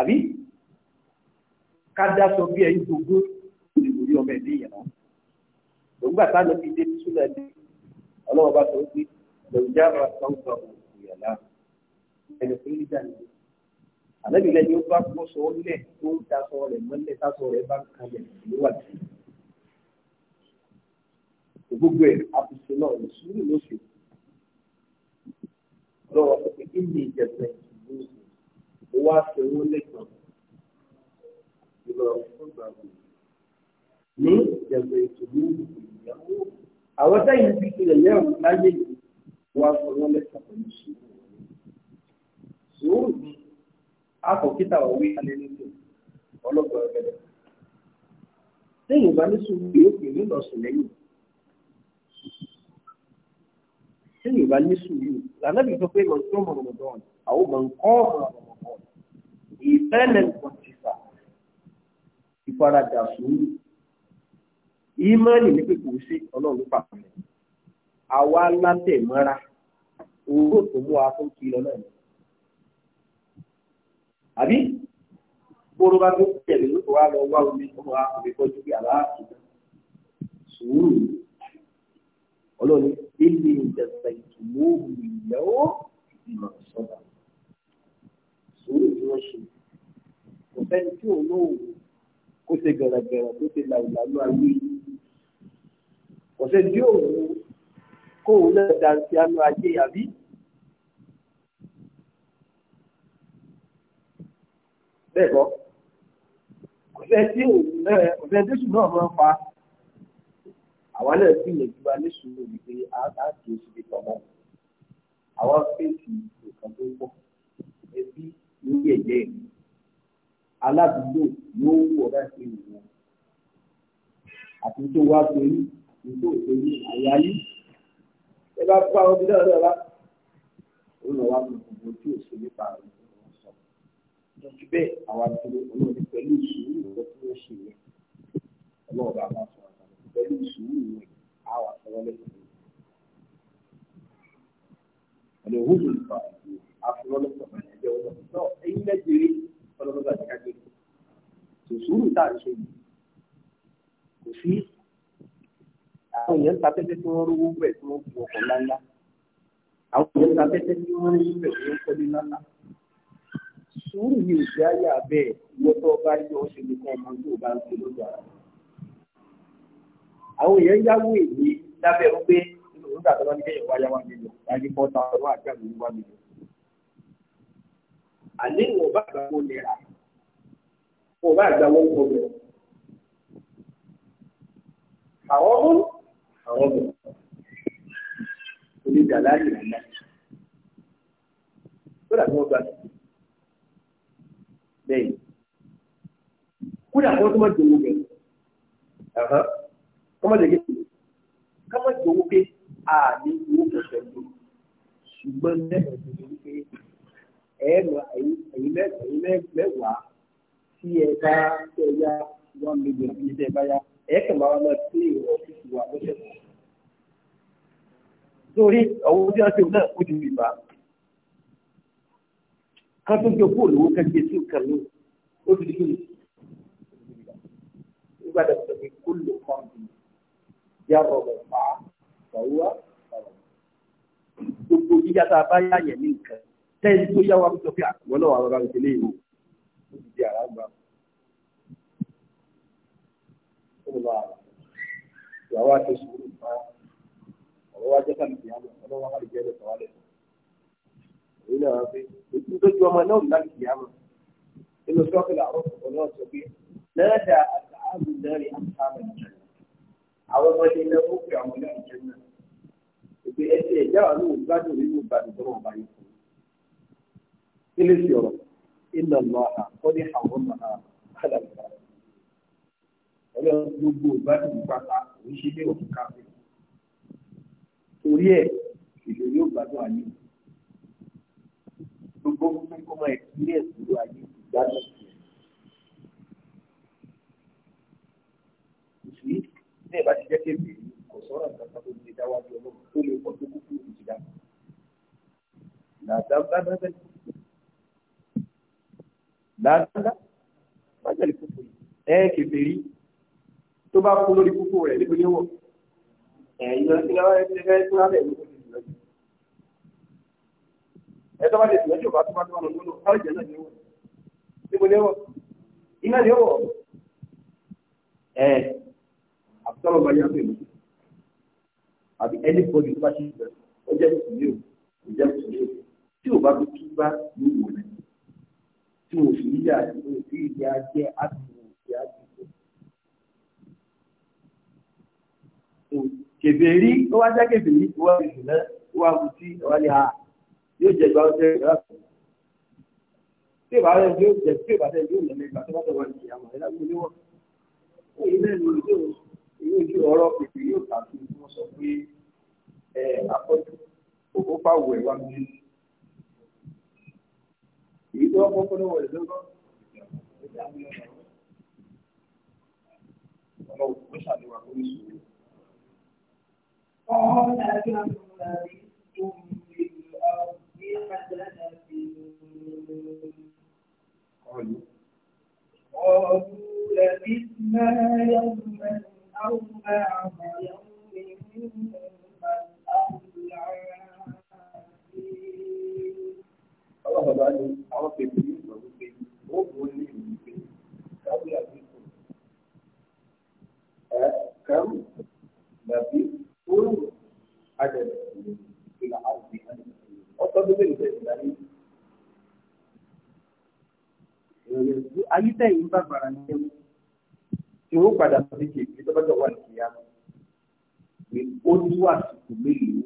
àbí ká dá sọ bí ẹyin gbogbo ìwòrí ọmọ ẹ̀dẹ́ yẹn náà ògbà táwọn fi dé sílẹ̀ dé ọlọ́wọ́ bá sọ pé lọ́jà máa sọ́ńtọ̀ àlẹ́bí rẹ̀ ni ó bá kó sọ lẹ̀ tó ń daṣọ rẹ̀ mọ́lẹ̀ daṣọ rẹ̀ bá ń kalẹ̀ níwájú. gbogbo ẹ̀ àbùsùn náà ní sùúrù ló ṣe. lọ́wọ́ sọ pé kí ni ìjẹ̀bẹ̀ ìlú ó wá ṣe wọ́n lẹ́gbọ̀n ìlọrin fún ìgbàgbọ́ ní ìjẹ̀bẹ̀ ìtùnú ìyàwó. àwọn táyì ń bí ilẹ̀ yẹ̀wò láyé yìí wọ́n á sọ wọ́n lẹ́sàn pẹ̀lú sùúrù. sùúrù ni àkọ́kítà òwe alẹ́nudò ọlọ́gbọ̀n ọ̀gẹ̀dẹ̀. lẹ́yìn bá ní sùúrù yóò pè ní lọ́sùn lẹ́yìn. lẹ́yìn bá ní sùúrù lànàbì sọ pé lọ́sùn ọmọ rọmọdọ́n àwọn ọmọ nǹkan ọmọ rọmọdọ́n ìfẹ́lẹ̀ pọ̀tìfà ìfaradà sùúrù ìmọ̀ọ́nì ní pé kò sí ọlọ́run pàtàkì àwa látẹ̀ mọ́ra òwúrò tó mú wa fún kí lọ náà àbí bóró bá tó tẹ̀lé ló wá lọ wá omi ọmọ àkùnrin kọjú bí aláàtì sùúrù ọlọ́ni ilé ìjẹsà ìtumọ̀ ìyàwó ìmọ̀ sọ́dà sùúrù tí wọ́n ṣe kò sẹ́ni tí òun náà wò kó ṣe gẹ̀rẹ́gẹ̀rẹ́ tó ṣe làwùlàlú ayé kò sẹ́ni tí òun kó òun náà dantí àánú ajé àbí. bẹ́ẹ̀ kọ́ ọ̀sẹ̀ tí ọ̀sẹ̀ jésù náà máa ń pa àwa náà sì lè gbígbá ní sùúrù wípé a á kì í ṣe pamọ́ àwa fèsì nǹkan tó pọ̀ ẹbí ní ẹ̀jẹ̀ aládùúgbò yóò wù ọ́ láti wù wọn àti tó wá torí àti tó torí àyà ẹ bá fún àwọn náà lọ́la ó lọ wá gbogbo tí ò nípa rẹ̀ lọ́jọ́ bẹ́ẹ̀ àwọn àdúró olóòrùn pẹ̀lú ìṣòro ìwọ tí wọ́n ṣe yẹn ọlọ́run bá máa sọ̀rọ̀ sọ̀rọ̀ pẹ̀lú ìṣòro ìwọ àwọn àfọwọ́lẹ̀ ẹ̀lẹ́ òwúrò nípa àfọwọ́lẹ̀ sọ̀rọ̀ ẹ̀jẹ̀ ọlọ́run náà ẹ̀yìn lẹ́gbẹ̀rẹ́ ọlọ́run bá ti ká gbé kò sùúrù tá à ń ṣe yìí kò sí àwọn èèyàn ta tẹ́tẹ́ tí wọ́n rówó bẹ̀ tí wọ́n bu sùúrù ní òsì ayé abẹ́ ìwọ́tọ́ ọba yọ ọ́ ṣe nìkan ọmọ tó bá ń ṣe lójú ara. àwọn èèyàn yáwó èyí lábẹ́ wípé nígbà tó bá ní kẹ́yìn wáyá wá nílò láti bọ́ ta ọ̀rọ̀ àti àgbègbè wá nílò. àlẹ́ ìwọ̀n bá àgbà wọn nira wọn bá àgbà wọn kọ bẹ̀rẹ̀. àwọn ọmọ àwọn ọmọ onídàá láàyè náà. ó dàbí wọn gba bẹ́ẹ̀ ni kódà tó má jòwó gẹ̀ kó má jòwó gẹ̀ ká má jòwó gẹ̀ à ní owó kẹsẹ̀ ṣùgbọ́n lẹ́yìn tó ní pé ẹ̀ẹ́mọ ẹ̀yìn mẹ́wàá tí ẹ bá tẹ̀ ya one million bí ẹ bá ya ẹ̀ẹ́kẹ̀ máa lọ sí ọ̀fíìsì lọ́sẹ̀ kan. torí ọ̀wọ́ tí wọ́n ṣe náà ó ká tó jọ fóònù owó ká jẹ sí nǹkan ló ó ti di kí ni nígbà tó sọ pé kó lè kọ́ ọ́n yá rọrùn pa ọ̀wá gbogbo yíyá tá a bá yá yẹn ní nǹkan tẹ́yìn tó yá wa sọ pé àwọn náà wà lọ́ba ń tẹ̀lé ìlú ó ti di àrà ìyàwó àti sùúrù bá ọ̀rọ̀ wa jẹ́ nìyàwó ọlọ́wọ́ wa jẹ́ lọ́sọ̀ọ́ lẹ́sọ̀ọ́ nínú àwọn pé ojú lójú ọmọ náà láti kì á mọ̀ nínú sọ́kìlà àwọn ọ̀pọ̀ náà sọ pé lẹ́ẹ̀dà àtàlù lẹ́rìn àtàlù ìjẹun àwọn ọmọdé náà ó pè àwọn náà ìjẹun náà ìpè ẹsẹ̀ ìjà wà ní olùbádùn nínú ìbàdàn tó wọn bá yẹ fún un kí lè fi ọ̀rọ̀ iná lọ àkọ́dé àwọn ọmọ náà kálá ìgbà gbogbo ìbádùn pátá òun ṣe lé òkú káfíń torí ẹ̀ ìlú yóò gbádùn àyè gbogbo fún ọmọ experience ló ayé ìdáná sí ẹ. Ìṣòyí ní ìbá ti jẹ́ kébìrì kò sọ̀rọ̀ nǹkan tó lè dá wájú ọlọ́run tó lè pọ̀ tó kú fún ìjìdá. Làdá bá bá bẹ́ẹ̀ làdá bá tẹ̀lé kúkú ẹ kébìrì tó bá kú lórí kúkú rẹ̀ níbi níwọ̀. Ẹ̀yin lọ sí lọ́wọ́ ẹ ti fẹ́ fúnra bẹ́ẹ̀ lóko ẹ̀tọ́ bá lè tìlẹ́ tí ò bá tó bá tó bá lọ́nà ọ̀rọ̀ ìjẹ́ náà ni ó wọ̀ níbo ni ó iná ni ó wọ̀ ẹ̀ bá yá pẹ̀lú àbí ẹni bọ́ọ̀lù tó bá ṣe ìbẹ̀rẹ̀ ó jẹ́ mùsùlùmí ò kò jẹ́ mùsùlùmí ò tí ò bá tó tú bá ní ìwò rẹ̀ tí ò sì níyà sí ìyá jẹ́ àdùnnú ìyá àdùnnú. kèbèrí ó wá jẹ́ kèbèrí ó wá kèbèrí ó wá kùtì ó wá ní àá yóò jẹ gba ọjọ́ ìgbà tó tí ìbá rẹ yóò jẹ tí ìbá rẹ yóò lọ lẹ́gbà tó bá tẹ wọn ìyá wọn ẹlẹgbẹ́ ilé wọn ó yí lẹ́nu ìlú ìlú ojú ọ̀rọ̀ pèpè yóò kà sí ibi wọn sọ pé ẹ akọjú òkú pàwọ ẹ wá mi èyí tó wọn kọ́kọ́ lọ́wọ́ rẹ lọ́wọ́ ọmọ òkú ṣàlùwà kó ní sùúrù. ọ̀hún ẹ̀ka ló ń rí omi ìlú ọ̀hún. قالوا قالوا لبثنا يوما أو بعض يوم Ọlọ́run bá ní àwọn pèpè ní ìgbà wípé ó wò ọtọ́dún mélòó tẹ̀sí láyé. ayítẹ̀yìn bá bàrà ní ẹ̀mú tí ó padà sọ sí kejì tó bá jọ wà nìkì yá pé ó ní àsìkò mélòó bẹ̀rẹ̀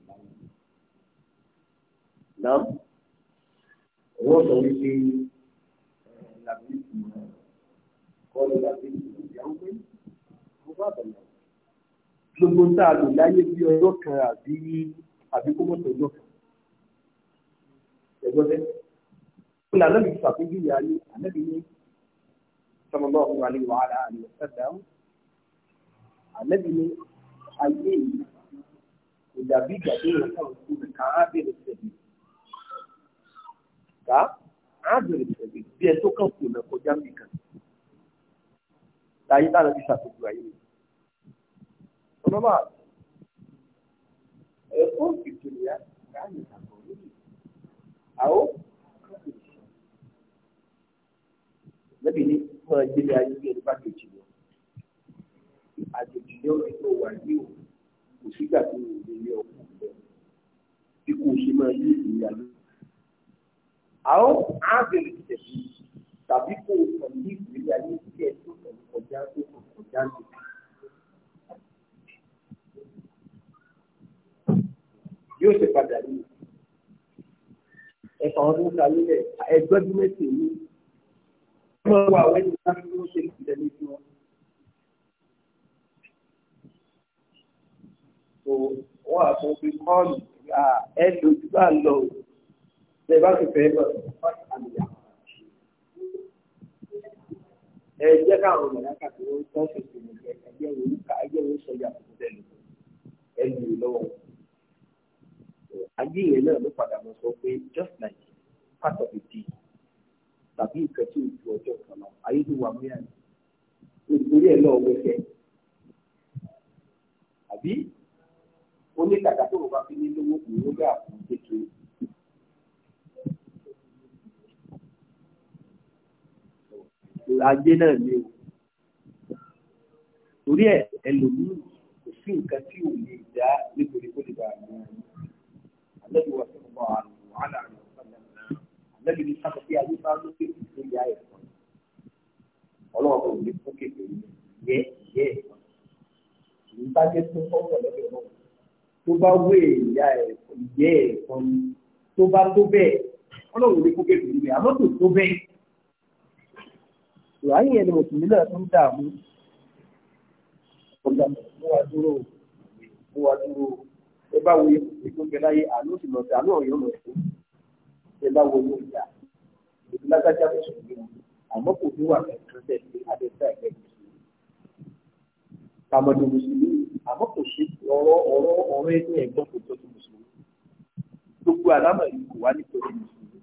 láyé. náà wọ́n sọ wípé làbíyèsí kọ́lù làbíyèsí ìyàwó pé mo bá bẹ̀rẹ̀. gbogbo tá a lò láyé bí ọjọ́ kan àbí àbí kó mọ̀tò ọjọ́ kan gbọ́sẹ̀ kó lànà mi fàkójú ìyá yìí ànábì ní sọmọlọ ọhún alẹ wàhálà àlẹ ọsẹdà ànábì ní ayé yìí kò dàbí ìgbà tó yẹ kàn kú kà á bèrè sẹbi kà á bèrè sẹbi bí ẹ tó kàn kú lọ kọjá mi kàn láyé tá a lọ fi ṣàkóso ayé mi sọmọlọ ẹkọ ìtòlẹyà kà á yẹ kàn kọ àwọ lẹbi ní mọ ìgbélé ayé bí ẹni bá kejì lọ àjèjì yóò rí tó wà yìí o kò sígbà tó o lè lé ọkùnrin lọ bí kò ṣe máa yí ìrìn àlọ. àwọ ábẹ̀rẹ̀ tẹ̀sí tàbí kò kàn ní ìgbélé ayé tí ẹ tó kàn kọjá tó kàn kọjá tó kàn. yóò ṣe padà yìí ẹ̀fà ọdún kalílẹ̀ ẹgbẹ́dún mẹ́sì ní wọ́n wà wẹ́n ní láti ló ṣe ìtẹ̀lé fún wọn. tó wọ́n àtọ́ fi kọ́ọ̀lù ẹ lójú bá lọ ṣe bá ti fẹ́ lọ ẹ jẹ́ káwọn ènìyàn kàtó tó ṣèṣe nìkan ẹgbẹ́ wo ẹgbẹ́ wo sọ yàtọ̀ tẹ̀lé ẹ lù lọ́wọ́ ayé yẹn náà ló padà mọ sọ pé just like part of a day tàbí nǹkan tí o ju ọjọ́ kan lọ ayé tó wà mí àná nítorí ẹ̀ náà wẹ́fẹ́ àbí oníkàkà tó o bá fi ní lówó òwò gbà fún kékeré. ajé náà ni o torí ẹ ẹlòmíì kò sí nǹkan tí ò lè dá nítorí kó lè bá a mú un. النبي صلى الله عليه وعلى آله وسلم النبي ní sábà pé ayé máa ń lókè tó yá ẹ̀ fún un ọlọ́wọ́ kò ní fún kékeré yẹ yẹ ẹ̀ fún un ìgbà jẹ́ tó kọ́kọ́ lọ́dọ̀ náà tó bá wé ìyá ẹ̀ yẹ ẹ̀ fún un tó bá tó bẹ́ẹ̀ ọlọ́wọ́ ní fún kékeré yẹ àmọ́ tó tó bẹ́ẹ̀ ìwáyé ẹni mùsùlùmí náà tó ń dààmú ọ̀gá mú wa dúró mú wa dúró ẹ bá wo ètò ìfẹ́ láyé àánú sì lọ sí àánú ọ̀yọ́ lọ sí ẹ bá wo inú ìjà ètò lágbájá lọ sùn yìí àmọ́ kò ní wà kẹ́kẹ́ bẹ́ẹ̀ ní adẹ́sẹ́ ẹ̀kẹ́ kàmọ́dé mùsùlùmí àmọ́ kò sí ọ̀rọ̀ ọ̀rọ̀ ọ̀rọ̀ ẹni ẹ̀gbọ́n kò tọ́jú mùsùlùmí gbogbo àlámà yìí kò wá nítorí mùsùlùmí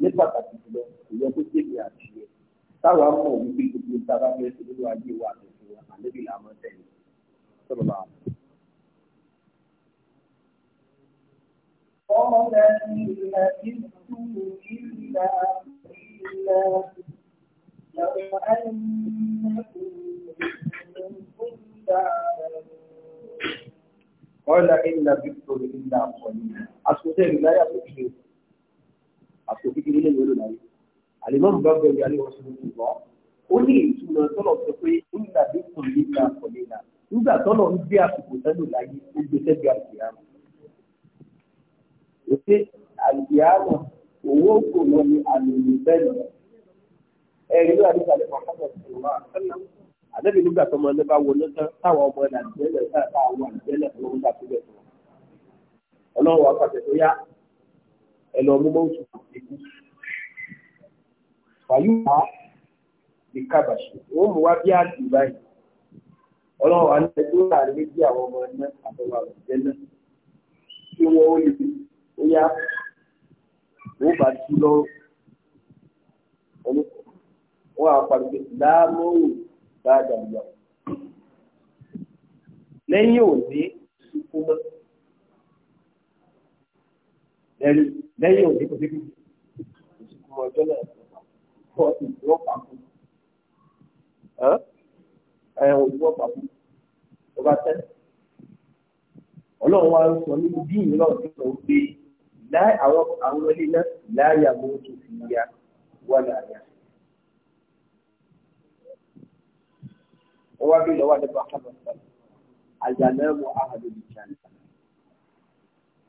ní pàtàkì jùlọ kò yẹ kó jẹ́ mi àti ẹ̀ táwa mọ̀ wípé gbogbo ìta bá fẹ́ ṣe nínú ayé wa àti ìṣòro àlébìlà àmọ́ tẹ̀lé sọ́dọ̀ bá wà. قال إن لبثتم إلا قليلا لو أنكم كنت قال إن لبثتم إلا قليلا أسكت لا يبكي أسكت إلى يقول لا الإمام بابا عليه رحمه الله ó ní ìtumọ̀ tọ́lọ̀ sọ pé ń dàbí kùn nígbà kọ̀lẹ́là nígbà tọ́lọ̀ ń gbé àsìkò sẹ́nu láyé ó gbé sẹ́gbẹ̀ẹ́ àṣìyàmù wípé àlùyáàmù owó kò lọ ní àlùyé bẹ́ẹ̀ ni ẹ̀rí ló àdúgbò àlẹ́ kan fọ́tọ̀ sí wa àdébí nígbà tó ọmọ ẹni bá wọlé tán táwọn ọmọ ẹni àtìlẹ́lẹ̀ táwọn àwọn àtìlẹ́lẹ̀ tó ń gbà síbẹ̀ fún wọn ọlọ́run wa pàṣẹ tó yá ẹ lọ mú mọ́tò ìkú wàyí wá ní kábàṣì ó mú wá bí àdì báyìí ọlọ́run wa ní ẹjọ́ àlejò àwọn ọmọ ẹni ó yá wọ́n bá tú lọ́wọ́ wọ́n á pariwo láàmúhù bá dàgbà lẹ́yìn òní sunkún mọ́ ẹ̀rí lẹ́yìn òní kò sí kí sunkún mọ́ ọjọ́ náà fọ́ ìdúró pàkó ẹ̀ òdúró pàkó ọba tẹ́ ọlọ́run wa sọ nínú bí ìlú náà ti sọ àwọn àwọn ilé náà láyà mú tó fi ya wà láyà. wọ́n wá bí lọ́wọ́ àdébọ̀ àkàbọ̀sọ̀ àjànà mu àhàdùn ìjànà.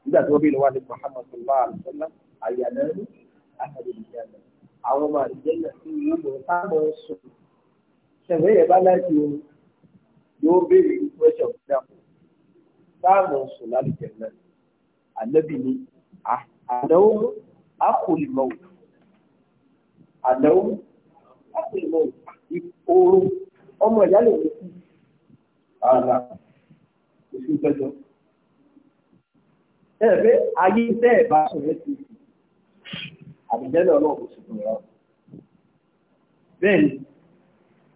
nígbà tí wọ́n bí lọ́wọ́ àdébọ̀ àkàbọ̀sọ̀ bá àlùfọ́lá àjànà mu àhàdùn ìjànà. àwọn ọmọ àdìjẹ́nà tí wọ́n mọ̀ sábọ̀ sùn. ṣẹ̀fẹ̀ yẹn bá láti o yóò béèrè ìgbésẹ̀ òkúta fún. sáàmù sùn lálùjẹ̀ náà àlẹ́bí ni àdánwò àkùlìmọ̀ọ́ àdánwò àkùlìmọ̀ọ́ ìfòòrò ọmọ ìyá lè fi ààlà òfin gbẹjọ. ẹ pé ayé tẹ́ ẹ̀ bá sọ̀rọ̀ ti àbíjẹ́lẹ̀ ọlọ́run sì fún wa. bẹ́ẹ̀ ni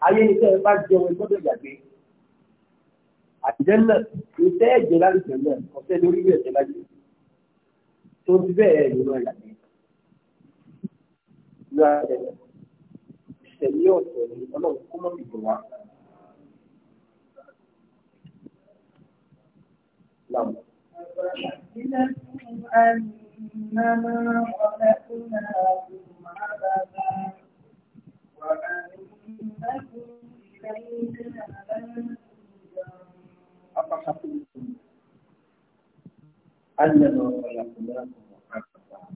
ayé tẹ́ ẹ bá jẹun gbọ́dọ̀ yàgbé àbíjẹ́lẹ̀ ìtẹ́ ẹ̀jẹ̀ láti jẹun náà ọ̀sẹ̀ lórí ẹ̀jẹ̀ láti tó ti bẹ́ẹ̀ ló máa yàgbé ló á ṣẹlẹ̀ ìṣẹ̀lẹ̀ ọ̀sẹ̀ ni ọlọ́run kó mọ́ ìbò wa. أنما خلقناكم عبدا أننا خلقناكم محافظة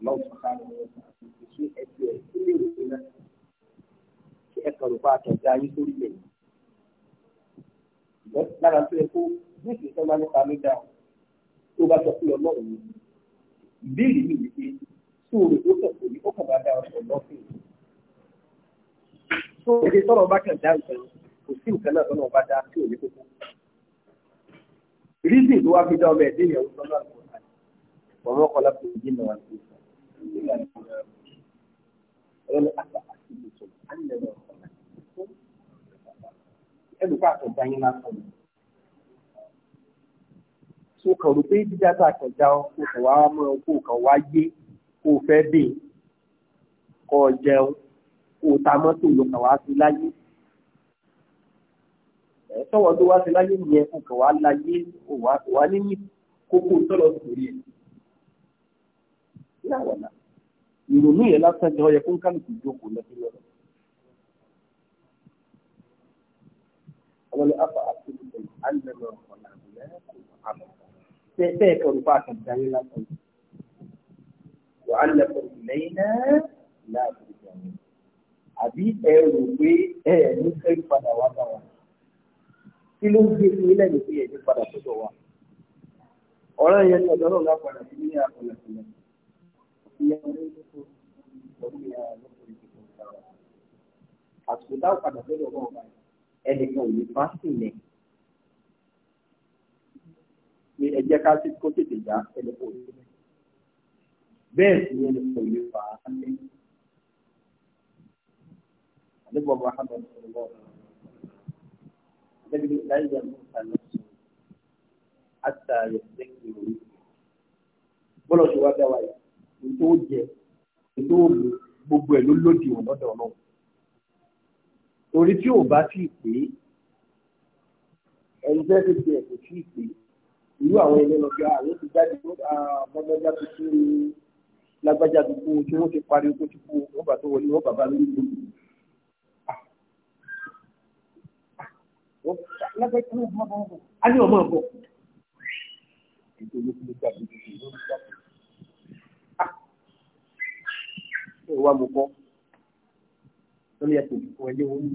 الله سبحانه وتعالى في أجل كل رسولة في أكثر بعض الجاي سوريا lára tó yẹ kó bíìsì tó máa nípa ló dáa tó bá sọ pé ọlọ́run ni ìbéèrè mi wípé sóòrò tó sọ pé ó kàn bá dá ọ̀sán lọ́sìn sóòrò tó sọ̀rọ̀ bá kàn dá ìtàn kò sí nǹkan náà tó náà bá dá sí òní kókó rídì tó wá fi dá ọmọ ẹ̀dẹ́ ìyàwó sọ́nà àgbọ̀nà ọ̀rọ̀ ọ̀kọ̀lá kò ní jìnnà wá sí ìsà ọ̀rọ̀ ní àgbà àti ìbùsọ̀ ánìlẹ̀rọ̀ ọ̀kọ̀lá ẹ̀dùkọ́ àtọ̀dá yín lásán ni. so kàn rò pé dídá tó àtọ̀dá kò kàn wá mọ́ kó kàn wá yé kó fẹ́ bè kó jẹun kó ta mọ́tò ló kàn wá sí láyé ẹ̀ eh, sọ̀wọ́ tó wá sí láyé nìyẹn kò kàn wá láyé kò wá níyì kókó tọ́lọ̀ sórí ẹ̀. ní àwọn ọ̀la ìrònú yẹn lásán jẹ́ ọyẹ fún kálukú jókòó lọ́sí lọ́dọ̀. àwọn ni afa àti ìlú àndẹ̀mọ̀ ọ̀la àbúlẹ̀ kò àmọ̀. bẹ́ẹ̀ kọ̀ọ̀rọ̀ bá a kàn darí lásán. wàhálà kọ̀ọ̀rọ̀ lẹ́yìn náà láàbù àbí ẹ rò pé ẹ ní fẹ́ padà wá bá wa kí ló ń gbé fún ilé ìlú pé ẹ̀jẹ̀ padà sọ́dọ̀ wa ọ̀rọ̀ yẹn ní ọ̀dọ́ náà lápadà sí ní àpọ̀lọ̀ sílẹ̀ àsìkò táwọn padà sọ́dọ̀ ọ̀gá ọ̀gá ẹnìkan ò ní fásitì lẹ̀ ní ẹ̀jẹ̀ ká sí kó tètè já ẹnìkan ò ní bẹ́ẹ̀ sì ni ẹnìkan ò ní fà á lẹ̀. àdébọ̀ bá hàmẹ́ sọ̀rọ̀ lọ́wọ́. النبي لا يموت نفسه حتى يستنجي bọ́lọ̀ ṣe wá dáwà yìí ní tó jẹ ní tó mú gbogbo ẹ̀ ló lòdì wọn lọ́dọ̀ náà torí tí ò bá sì pé ẹni tẹ́ ti tiẹ̀ kò sí ìpè irú àwọn ilé lọ àwọn ti jáde tó lágbájá tó lágbájá tó tí wọ́n ti pariwo tó ti kú wọ́n bá wọlé wọ́n bàbá lórí ìlú a ní ọmọ ọ̀bọ̀. Ṣé ìwà mo kọ́? Wọ́n yẹ kò fún ẹ léwu ní.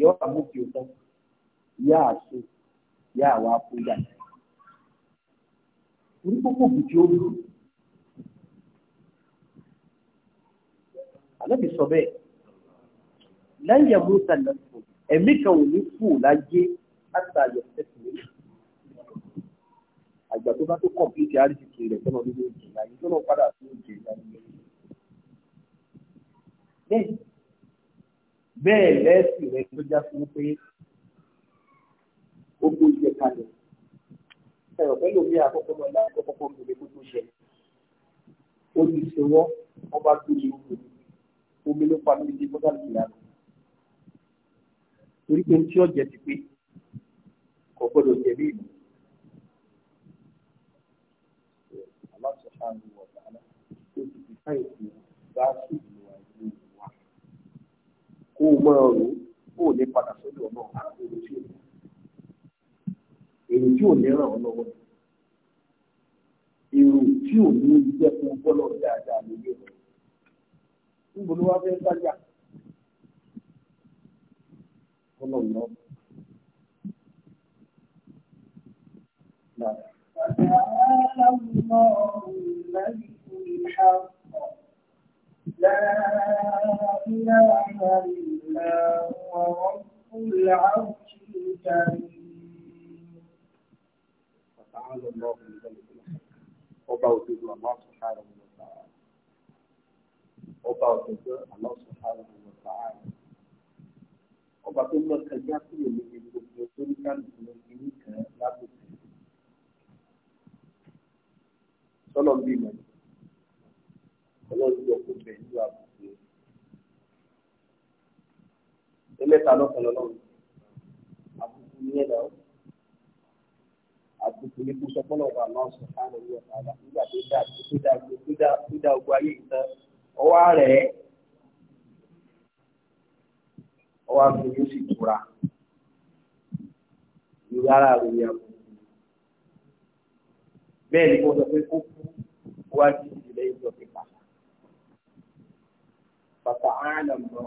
Yọ àmúkì òtọ́, yá àṣẹ, yá àwa kúndà. Orí kókó bùtì ó lù. Àlọ́ bí sọ bẹ́ẹ̀, lẹ́yìn ẹ̀mú ìtàn ẹ̀mí kan ò ní kù láyé láti àyẹ̀ tẹ̀sílẹ̀ àgbà tó bá tó kọ̀m̀pìtì àríṣìkì rẹ̀ tọ́nà nínú ìjì láyé tó náà padà sí ìjì láyé. bẹ́ẹ̀ bẹ́ẹ̀ lẹ́sìn rẹ̀ tó já fún pé ó kó iṣẹ́ kalẹ̀ ẹ̀rọ pẹ̀lú mi àkọ́kọ́ náà láti kọ́kọ́ mi lè kó tó ṣẹ ó ti ṣe wọ́n wọ́n bá tó ṣe omi ló pa mí ní mọ́tàlì ìlànà torí pé tí ọ̀jẹ̀ ti pé kò gbọ́dọ̀ jẹ̀bi ìmọ̀. aláṣọ àrùn ọ̀gá náà ó ti fi káyọ̀tì bá ṣèlú àìlú wa kó o máa rò ó ò ní padà sọ́dọ̀ ọ̀nà àgbèrò tí ò èrò tí ò ní ràn ọ́ lọ́wọ́ èrò tí ò ní jẹ́ kó o gbọ́dọ̀ dáadáa lórí ọ̀rọ̀ níbo ló wá fẹ́ sájà. صلى الله نعم وتعالى الملك الحق لا إله إلا هو رب العرش الكريم وتعالى الله الملك الحق ọba òdodo àmọ́ sọ̀hárà ọmọ sàárà ọba tó lọ kẹjá sí èlé gbogbo tó ní kálukú ló fi ní kàn án lábùkù sọlọ ń bímọ ọlọ́run yọ kó bẹ̀ ní àbùkù ẹlẹ́ta lọ́kàn lọ́lọ́run àbùkù ní ẹ̀dá ó àbùkù ní kó sọ fọ́nà ọba náà sọ fáwọn ọ̀rọ̀ ọ̀tá nígbà tó dá tó dá tó dá ogun ayé ìtàn ọwọ́ rẹ̀ ẹ́ ọwọ́ àgbẹ̀yẹ sì tura ìwé ara rẹ̀ yà kú bẹ́ẹ̀ ni mo sọ pé kó kú wá sí ìdílé ìjọ pípa bàtà ànàmọ́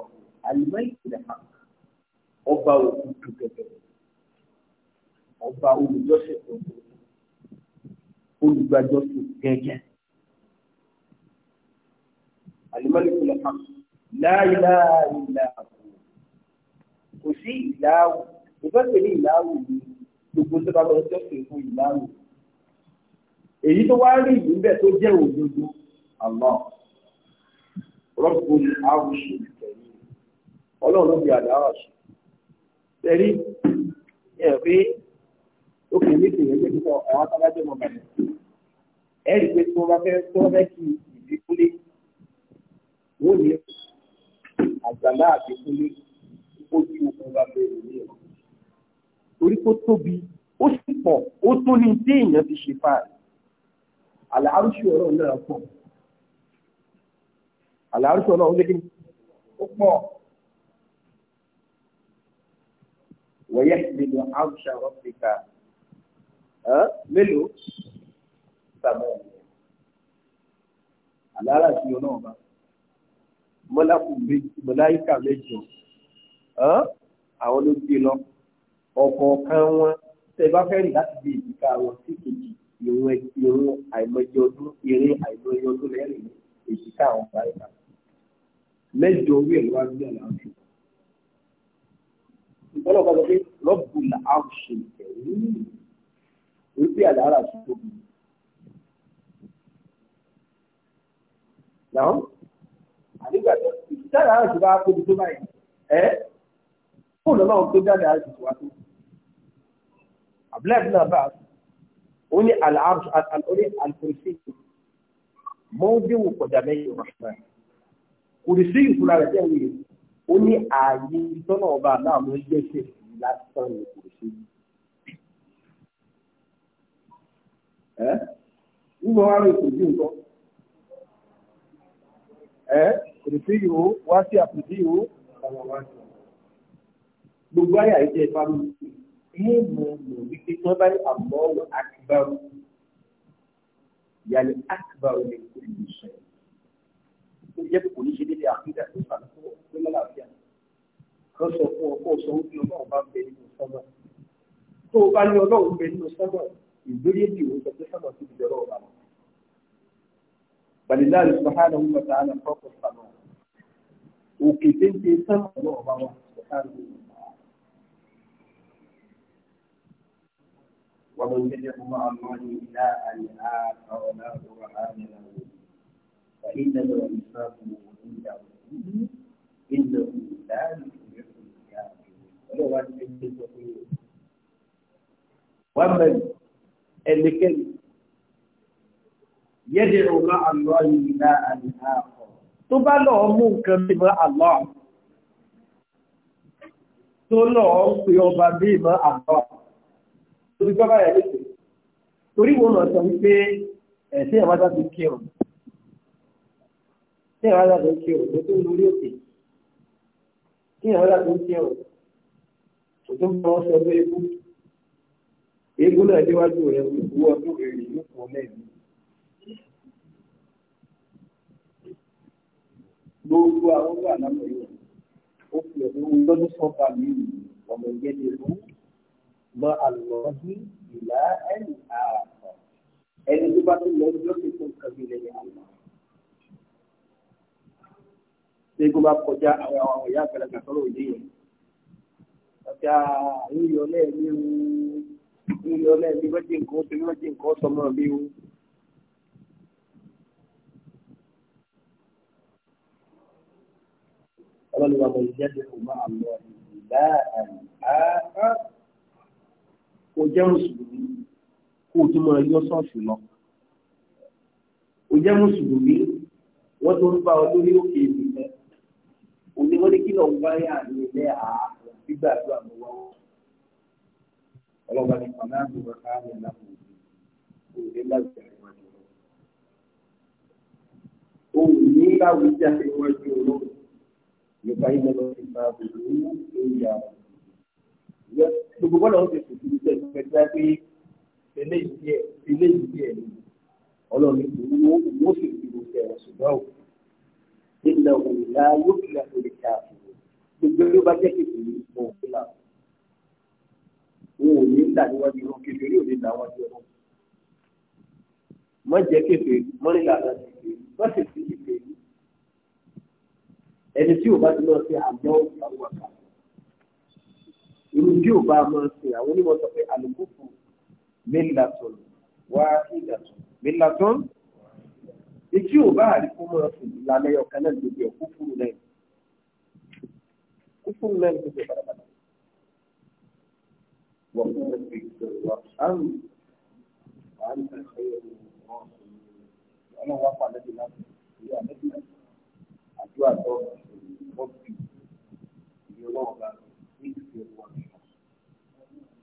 àlùmọ́ ìpìlẹ̀ kan ọba òkú tó gẹ́gẹ́ ọba olùjọ́sìn tó gẹ́gẹ́ olùgbàjọ́sìn gẹ́gẹ́ àlùmọ́ ìpìlẹ̀ kan láyé láyé láyé kò sí ìdáhù ìfẹ́sẹ̀ ní ìdáhù ni gbogbo tó bá lọ sẹ́sẹ̀ fún ìdáhù èyí tó wá rí ìlú bẹ́ẹ̀ tó jẹ́ òdodo àmọ́ rọ́pùn àwùṣe ìtẹ̀lé ọlọ́run ló fi àdáwà ṣe tẹ̀lé ẹ̀ pé ó kì í ní tèèyàn pé kíkọ àwọn akábájọ́ mọ̀ bàbá ẹ̀ rí pé tí wọ́n bá fẹ́ tí wọ́n fẹ́ kí ìdíkúlé wọ́n ní àgbàlá àdíkúlé ojú okùn bàbá ìròyìn rẹ̀ torí kó tóbi ó sì pọ̀ ó tó ní tí èèyàn ti ṣe fáàrí àlàárùsù ọ̀rọ̀ náà pọ̀ àlàárùsù ọ̀rọ̀ ó lékè ó pọ̀ wọ̀nyẹ́ ìgbìlú àrùsà rọ́pìkà mélòó sàmọ́ àlàárùsù ọ̀rọ̀ náà bá mọ́lákùn méjì mọ́láyíkà méjì àwọn ló gbé lọ ọ̀kọ̀ọ̀kan wọn tẹ bá fẹ́ rìn láti bí ìdíkà wọn sí kejì ìrún ìrún àìmọye ọdún eré àìmọye ọdún lẹ́rìn èjìká àwọn báyìí mẹ́jọ orí ẹ̀ ló wá gbé ọ̀la ọ̀sùn ìtọ́lọ̀ kan sọ pé rọ́bù là á ṣe ìtẹ̀wé wípé àdára sí tóbi. Nàá àdìgbà tó ìtàlára sí bá tóbi tó báyìí ẹ́ fún ọlọ́run tó jáde àìsàn wá sí. abdullahi náà bá ó ní alárùsù àtàlórí alkùrìsì mọ́ọ́dínwó kọjá lẹ́yìn rahman kùrìsì ìfúra rẹ̀ jẹ́ wíyẹn ó ní ààyè ìtọ́nà ọba náà ló ń jẹ́sẹ̀ lásán ní kùrìsì. ẹ́ ń gbọ́ wá rẹ̀ kò sí nǹkan ẹ́ kùrìsì wá sí àpèjì yìí ó àwọn gbogbo ayé àyè jẹ́ ìfá mi ní mo mọ̀ wípé tí wọ́n bá ní àbọ̀wọ̀ àkìbáwò yàrá àkìbáwò lè kó ìlú sọ ẹ̀ tó jẹ́ kò ní ṣe déédéé àfíjà tó fà kó pé lálàáfíà lọ sọ fún ọ kó sọ wípé ọlọ́run bá bẹ nínú sọ́gbà tó o bá ní ọlọ́run bẹ nínú sọ́gbà ìgbéyé bí òun sọ pé sọ́gbà tó ti dọ̀rọ̀ ọ̀la balilá alùpàdánù wọ́n ta àlọ́ fọ́kọ̀ sàmọ́ òkè téńté sọ́gbà náà bá wà náà ومن يدع مع الله إلها آخر لا برهان له فإنما حسابه عند ربه إنه لا يفلح الكافرون ولو أن تجد ومن الكلمة يدعو مع الله إلها آخر تبلغ ممكن مع الله tó lọ́ọ́ pe ọba bíi mọ́ àbọ̀ torí gbọ́ báyà lè pè torí wọn lọ sọ wípé ẹ̀sìn ẹ̀ wájà fi kí ọ̀run tí ẹ̀ wájà fi kí ọ̀run tó tó ń lórí òkè tí ẹ̀ wájà fi kí ọ̀run tó tó ń bọ́ sọ pé ewu ewu náà déwájú rẹ̀ wú ọdún rẹ̀ rè ló pọ̀ lẹ́yìn. gbogbo àwọn ọgbà náà lọ yẹ ó fi ọdún lọ́dún sọ́ba mi ọmọ ìgbẹ́ni lọ́wọ́ mọ àlùmọ́ọ́dí ìlà ẹ̀yìn àràkọ ẹni tó bá tún lọ yóò fi fún nǹkan bí lẹ́yìn àlùmọ́. ṣé kó bá kọjá àwọn àwọn ìyá àgbàlagbà sọ̀rọ̀ òye yẹn ọjà ìyọ lẹ́ẹ̀mí o ìyọ lẹ́ẹ̀mí wẹ́jì nǹkan ó ti wẹ́jì nǹkan ó sọmọ mi o. ọlọ́run wa mọ̀ ìjẹ́ ti kò máa lọ ìlà ẹ̀yìn àràkọ kò jẹ́ mùsùlùmí kó o tún máa yọ ṣọ́ọ̀ṣì lọ kò jẹ́ mùsùlùmí wọ́n tó ń bá ọ lórí òkè ìbìkan òní wọ́n ní kí lọ́ọ́ wáyà ní ilé ààbò gbígbàdúrà mọ́ wọ́wọ́ ọlọ́ba ní pàmò àbúrò káàmì lápò òní lágbàá ìwájú rẹ̀ òní láwùjá ìwájú rẹ̀ nípa ìlọ́lọ́sìn máa bò ó lórí àwọn gbogbo bọ́lá ó ti kò síbi tẹ̀ gbẹ̀dá pé eléyìí díẹ̀ eléyìí díẹ̀ ni ọlọ́run ìwọ ìwọ sì fi gbogbo ẹ̀rọ ṣùgbọ́n o ìlà òǹlà yóò fi àpò lè ka àpò gbogbo ló bá jẹ́ kékeré ìfọ̀ òǹlà wọn ò ní là níwájú irun kékeré ò ní là wájú irun mọ jẹ kékeré mọ ní làlá kékeré mọ sì fi kékeré ẹni tí ò bá ti lọ sí àjọ àwọn àgbà irú bí ò bá máa ṣe àwọn onímọ̀ sọ pé àlùkùkù mílàtọ̀n wá ìdàtọ̀n mílàtọ̀n etí ò bá àríkú máa ṣe ìlànà ọ̀kan náà gbogbo ẹ̀kú fúru náà kú fúru náà gbogbo ẹ̀ pátápátá. wọ́n fún mi fi ìgbẹ̀rù wa àrùn àrùn àṣeyọrọ wọn ọlọ́run wá pàdé láti ìlú àdébí àjọ àtọ́ ọ̀gbìn ìlú ọlọ́run bá ní ìlú ọlọ́run.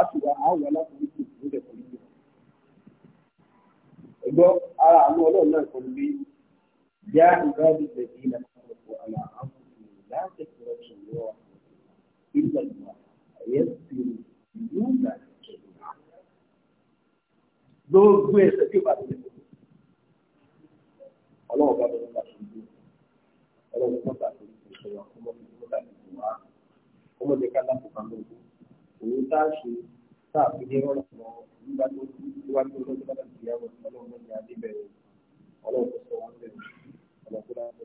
àtùwà àwọ̀ alákòókò tó lè kọ́ níbi. ẹgbọ́ ara àwọn ọlọ́run náà kọ́ níbi yá ìbáàdì tẹ̀sí ìlànà ọ̀pọ̀ àlà àwọn ènìyàn láti kọ́ra tó lọ ìgbà ìgbà ayé ti rò gbogbo ẹsẹ̀ tí ó bá tẹ̀lé ọlọ́run bá tẹ̀lé ọ̀pọ̀ ọlọ́run bá bá tẹ̀lé ọ̀pọ̀ ọlọ́run ọlọ́run bá tẹ̀lé ọ̀pọ̀ ọlọ́run bá bá tẹ̀lé ọ̀pọ̀ ọlọ́run bá tẹ̀lé ọ̀pọ̀ ọlọ́run bá òun tá a ṣe tá a fi ní rọrùn lọ nígbà tó níwájú olóṣèlú bàtà sí ìyàwó ọlọ́run ní adébẹ̀rẹ̀ ọlọ́run tó sọ wọn bẹ̀rẹ̀ ọlọ́run tó dáa tó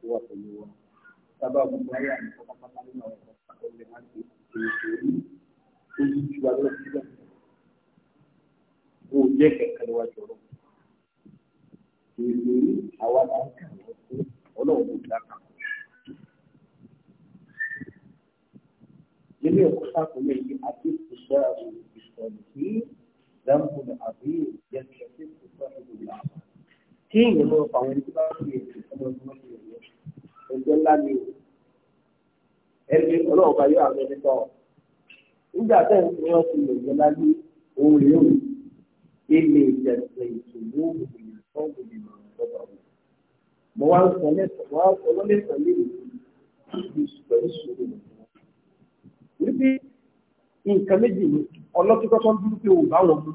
tó wà pẹ̀lú wọn. sábà gbogbo ayé àmì pátápátá nínú àwọn ọ̀pọ̀ tó lè má ṣe èyí tó yí ju alẹ́ sílẹ̀ wò jẹ́ kẹ̀kẹ́ níwájú ọlọ́run. èyí àwa náà kà wọ́n fún ọlọ́run tó dáa kà nínú ẹ̀kọ́ sàkóyè yìí àti ìṣẹ́ àwọn ìṣọ̀lù tí lẹ́mùn àbí ìjẹ́ kí ẹ̀sìn kò sọ ìlú ìlà. kí ìyẹn lọ fà wọn tí bá fi èsì ọmọ ọdún ọdún yẹn ẹgbẹ́ ńlá ni o ẹni ọlọ́run bá yọ àwọn ẹni tọ́ nígbà tẹ́ ń fi wọ́n ti lè yẹ láyé òun rèé o ilé ìjẹsẹ̀ ìṣòwò òbòmìnira òbòmìnira ọ̀dọ́ mo wá ń sọ lẹ́sọ̀ mo wá ń sọ lọ́lẹ́sọ̀ lé wípé nǹkan méjì ni ọlọ́túnkọ́ tó ń dúró pé òun bá wọn mú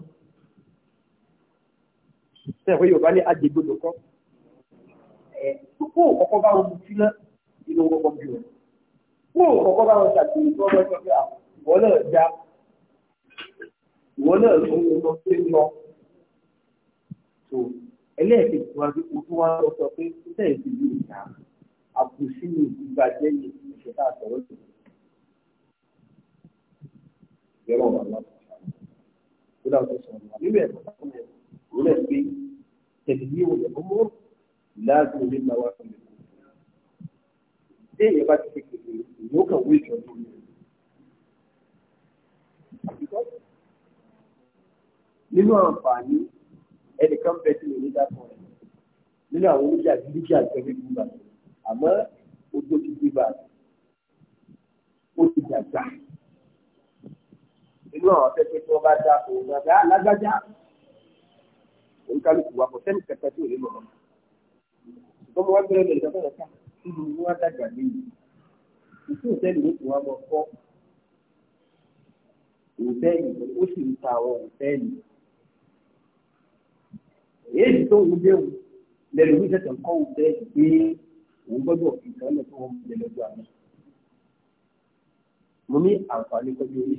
sẹ́yìn pé yorùbá ní àjẹgbodò kọ́ ẹ̀ kókó kọ́kọ́ bá wọn mú sí náà inú kọ́kọ́ bí wọn kó kọ́kọ́ bá wọn ṣàtúnyẹ̀ tó ọmọ ẹgbẹ́ náà já ìwọ náà ló ń lọ sí lọ tó ẹlẹ́ẹ̀kejì wa bí ojú wa lọ sọ pé sẹ́yìn ti ìta àbùsí ni ìbàjẹ́ ni ìṣẹ̀dá àtọ̀rọ̀ yìí yọrọ wà láti ṣàlùwà tó dáa tó sọ̀rọ̀ wà níbẹ̀ wọ́n lè gbé tẹ̀lé wọn lè mọ́ láàbù ní làwọn àfihàn déèyàn bá ti kékeré ìyóò kàn wé ìjọ tó yẹ. nínú àǹfààní ẹnìkan bẹ tí mi ní dákọ̀ rẹ̀ nínú àwọn oníjà gírígì àgbẹ̀rẹ̀ gbígbà àmọ́ ojú ti gbígbà ó ti dàgbà irú àwọn afẹ́fẹ́ tí wọ́n bá dá òun gbàgbá lágbájá oníkálukú wa kò sẹ́ni kẹta tí ò lè lọ́wọ́ ṣùgbọ́n mo wá gbẹ́rẹ́ lè lọ́wọ́ lọ́ka kí ni wọ́n dàgbà lé yìí ìṣú ìtẹ́lẹ̀ ló ti wá lọ kọ́ òtẹ́ẹ̀lì ó sì ń ta àwọn òtẹ́ẹ̀lì èyí tó ń dé wù lẹ́nu ní sẹ̀tẹ̀ ń kọ́ òtẹ́ẹ̀lì pé òun gbọ́dọ̀ fi ìtàn lọ tó wọ́n lè lọ́jọ́ àná mo ní àǹfààní kọjú orí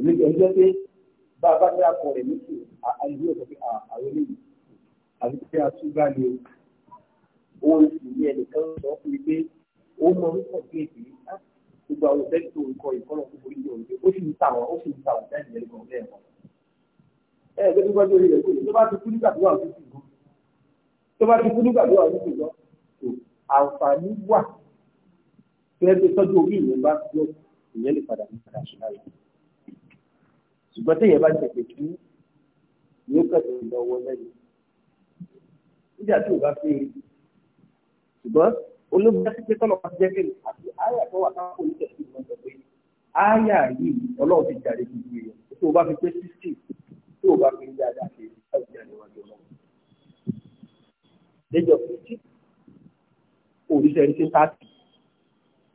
ìlú ẹjọ́ pé bá a bá ní akọ rẹ̀ lókè àìlú ọ̀sẹ̀ pé ah, àwọn eléyìí àti pé a tún bá lè o sì ní ẹnìkan sọ fún mi pé ó mọ ń pọ̀ bí èdè gbogbo àwọn òṣèlú tó ń kọ ìkọlọ̀ tó borí yóò ṣe ó sì ń ta àwọn ó sì ń ta àwọn jáde lẹ́nu lẹ́ẹ̀kan. ẹ ẹ gbẹdúgbà lórí rẹ kò lè tó bá ti kú nígbà tó wà ní ìgbà tó bá ti kú nígbà tó wà ní ìgbà tó àǹfààní wà tó tọ́jú orí ìyẹn bá yọ ìyẹn lè padà ní padà ṣe láyé ṣùgbọ́n tí èèyàn bá tètè kí yóò kẹsàn án lọ́wọ́ lẹ́yìn nígbà tí O bá fi ṣùgbọ́n olóògbé pé tọ́lọ̀ máa jẹ́ pé àti àyà tó wà káwọn oníṣẹ́ sí ìmọ̀ ọ̀sẹ̀ pé àyà yìí ọlọ́run ti jàre gbogbo èèyàn tó o bá fi pé sixty tó o bá fi ń dáadáa ṣe láti jáde wájú ọlọ́run. lẹ́jọ́ fifty òrìṣẹ́ ní thirty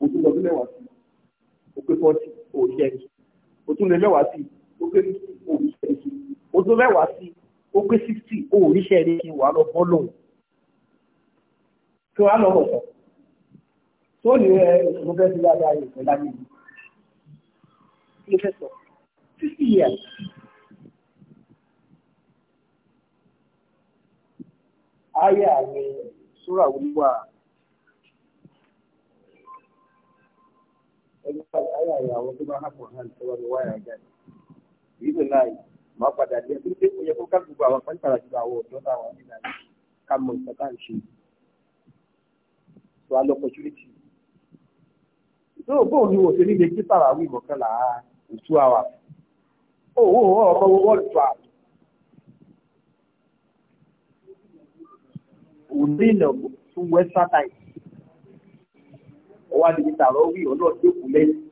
o tún lọ bí mẹ́wàá sí o pé forty òrìṣẹ́ o tún lè mẹ́wàá sí i. ó pé fifty ó mẹ́wàá sí ó sixty ó rí kí wàá lọ bọ́ wàá lọ bọ̀ sọ tó ní ẹ mo fẹ́ dáadáa yìí pẹ̀lú mi fẹ́ sọ fifty years. ẹgbẹ́ ayé tó bá hàpọ̀ hàn tó ìlú láì máa padà dé ẹbí pé ó yẹ kó kálukú àwọn pẹ̀lú ìfarajúbà àwọn ọ̀dọ́ táwọn ní láì ká mọ nǹkan tá ń ṣe tó a lọ opportunity. tó bóun ni wò ṣe nílé kí sàràwí mọ̀kànlá òtú àwà owó ọmọ owó ọ̀tún àwà. òní ìnà fún west side ọwọ́ àdìgbìtà rọ̀ wí ọ̀nà òjòkú lẹ́yìn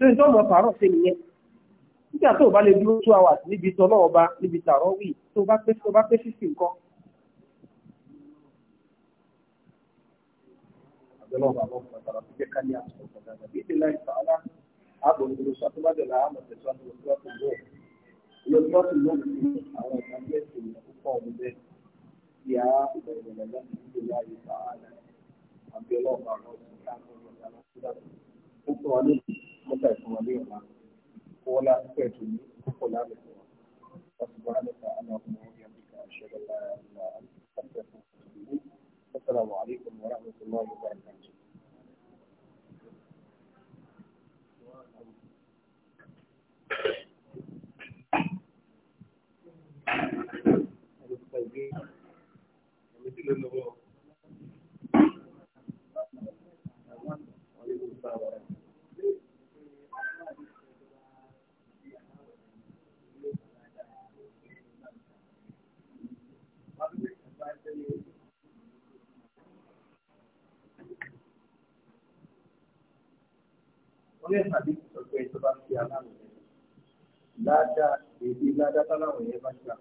tó ń tọ́ mọ̀ pààrọ̀ sí nìyẹn nígbà tó o bá lè dúró two hours níbi tọ́ lọ́wọ́ bá níbi tààrọ́ wì tó bá pé tó bá pé fífi nǹkan. àbẹ̀lọ́wọ́ mọ́tà ìfúnwálé ọ̀la kọ́lá pẹ̀tù ní kọ́lá lẹ́kọ̀ọ́ وسبحانك اللهم وبحمدك اشهد ان لا اله الا انت استغفرك واتوب اليك السلام عليكم ورحمه الله وبركاته Thank you. orí ìpàdé sọ pé tó bá fi aláwọ̀ yẹn ládàá èdè ládàá táláwọ̀ yẹn bá gbà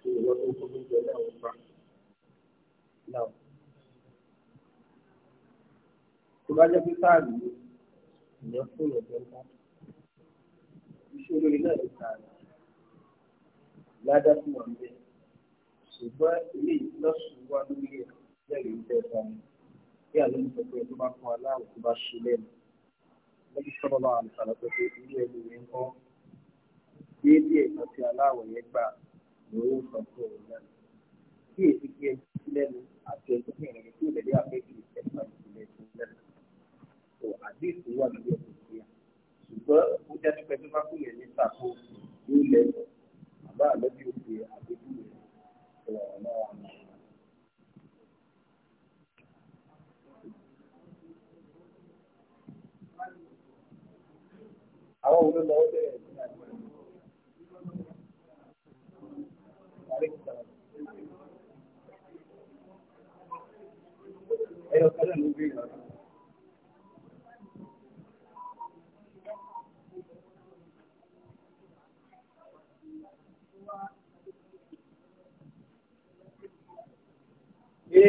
kí ìwọ tó kó gbogbo ẹ̀ láwọn bá náà. tó bá jẹ́ pé táàlì ìyẹn fún ìyẹn tó ń bá iṣẹ́ olórí náà ló ta ládàá fún wọn bẹ́ẹ̀ ṣùgbọ́n ilé ìlọ́sùn wà lórí ẹ̀ lẹ́yìn ìfẹ́ sani bí àlọ́ ní sọ pé tó bá fún aláwọ̀ tó bá ṣe lẹ́nu lọ́bí sọ́dọ̀ bá àwọn ìsàlọ̀ pé pé ilé ẹni rẹ̀ ń kọ́ déédéé ẹ̀sán tí aláwọ̀ yẹn gbà lówó sọ fún òun náà bí èsì kí ẹ ti lẹ́nu àti ẹ̀sán kí ẹ̀rìn tó lẹ́lẹ́ àfẹ́kì ẹ̀sán ti lẹ́nu lẹ́nu tó àdéhùn wà lórí ẹ̀sán kí ṣùgbọ́n ó jẹ́ àwọn ṣe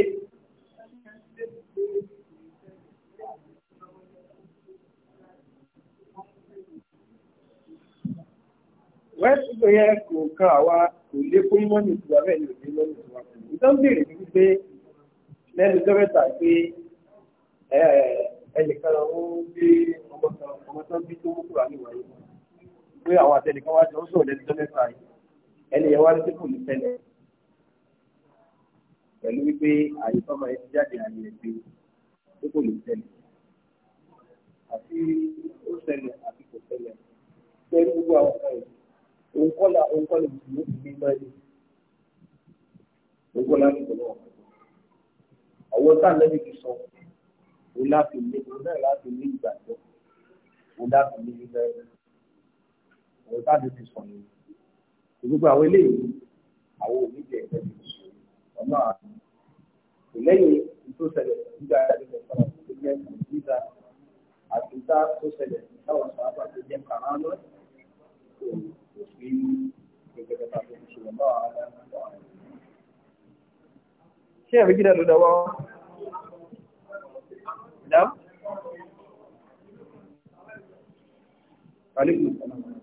wẹ́sùgbọ́ yẹn kò kan àwa kò lé kó mọ́ ní ìtura bẹ́ẹ̀ ni òní lọ́nà ìtura kò ní tó ń béèrè ní wípé lẹ́nu dọ́rẹ́ta pé ẹnìkan ó gbé ọmọ tó ń bí tó mú kúrò níwáyé pé àwọn àtẹnìkan wá jọ ń sọ̀rọ̀ lẹ́nu dọ́rẹ́ta yìí ẹni yẹn wá ní tí kò ní tẹ́lẹ̀ pẹ̀lú wípé àyè tọ́mọ yẹn ti jáde àyè ẹ̀gbẹ́ tó kò lè tẹ̀lé àti ó ṣẹlẹ̀ àti kò ṣẹlẹ̀ pẹ̀lú gbogbo àwọn ọ̀sán yìí òun kọ́ la òun kọ́ la mùsùlùmí ti gbé mọ́ ẹni òun kọ́ la ti tẹ̀lé wọn. àwọn táà lẹ́bi ti sọ òun láti lé òun náà láti lé ìgbàgbọ́ òun láti lé ìgbà ẹni òun táà lẹ́bi ti sọ nìyí. gbogbo àwọn eléyìí àwọn òbí jẹ ẹgbẹ́ ti ọmọ àti lẹ́yìn tó ṣẹlẹ̀ nígbà àdéhùn ìfọ̀rọ̀ tó jẹ́ ìdíjà àti ìdá tó ṣẹlẹ̀ táwọn sábà tó jẹ́ kàránú kò sí gẹ́gẹ́ bá tó ṣe lọ́wọ́ àwọn ọmọ àwọn. ṣé ẹ̀rí gíga ló dáwọ́? Dá? Alaikum salaam.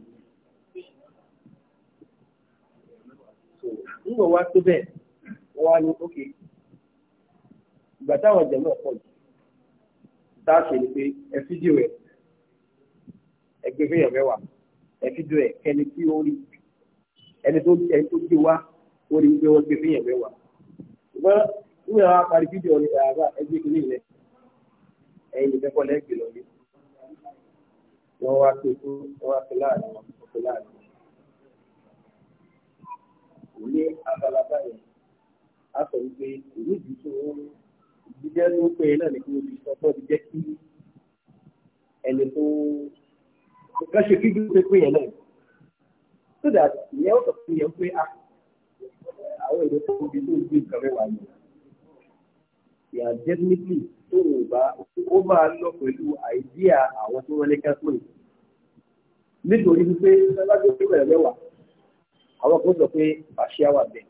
nígbà wá tó bẹ́ẹ̀ wọ́n á ní ókè ìgbà táwọn jẹ̀ náà pọ̀ jù tá a ṣe ni pé ẹ fídíò ẹ ẹgbẹ́ fẹ́yàn mẹ́wàá ẹ fídíò ẹ kẹni tí ó rí ẹni tó ẹni tó gbé wá ó rí pé wọ́n gbé fẹ́yàn mẹ́wàá ṣùgbọ́n nígbà wá parí fídíò ní àárọ̀ ẹgbẹ́ kìíní rẹ ẹ̀yìn ìfẹ́kọ̀ọ́ lẹ́gbẹ̀ẹ́ lọ́lé wọ́n wá pé fún wọ́n wá pé láàrin wọn pé láàrin wọn. sọ wípé kò ìdí tó jíjẹ́ ló pé náà ní kí wọ́n fi sọ pé ó ti kí ẹni tó kàn ṣe kíkí pé pé yẹn náà so that ìyẹn ó sọ fún yẹn pé a ah, àwọn èrò tó ibi tó gbé nǹkan mẹ́wàá yẹn yà definitely tó o bá ó máa lọ pẹ̀lú àìdíà àwọn tó wọlé kẹ́kọ̀ọ́ yìí nítorí wípé sábà tó bẹ̀rẹ̀ mẹ́wàá àwọn kan sọ pé àṣẹ wà bẹ́ẹ̀.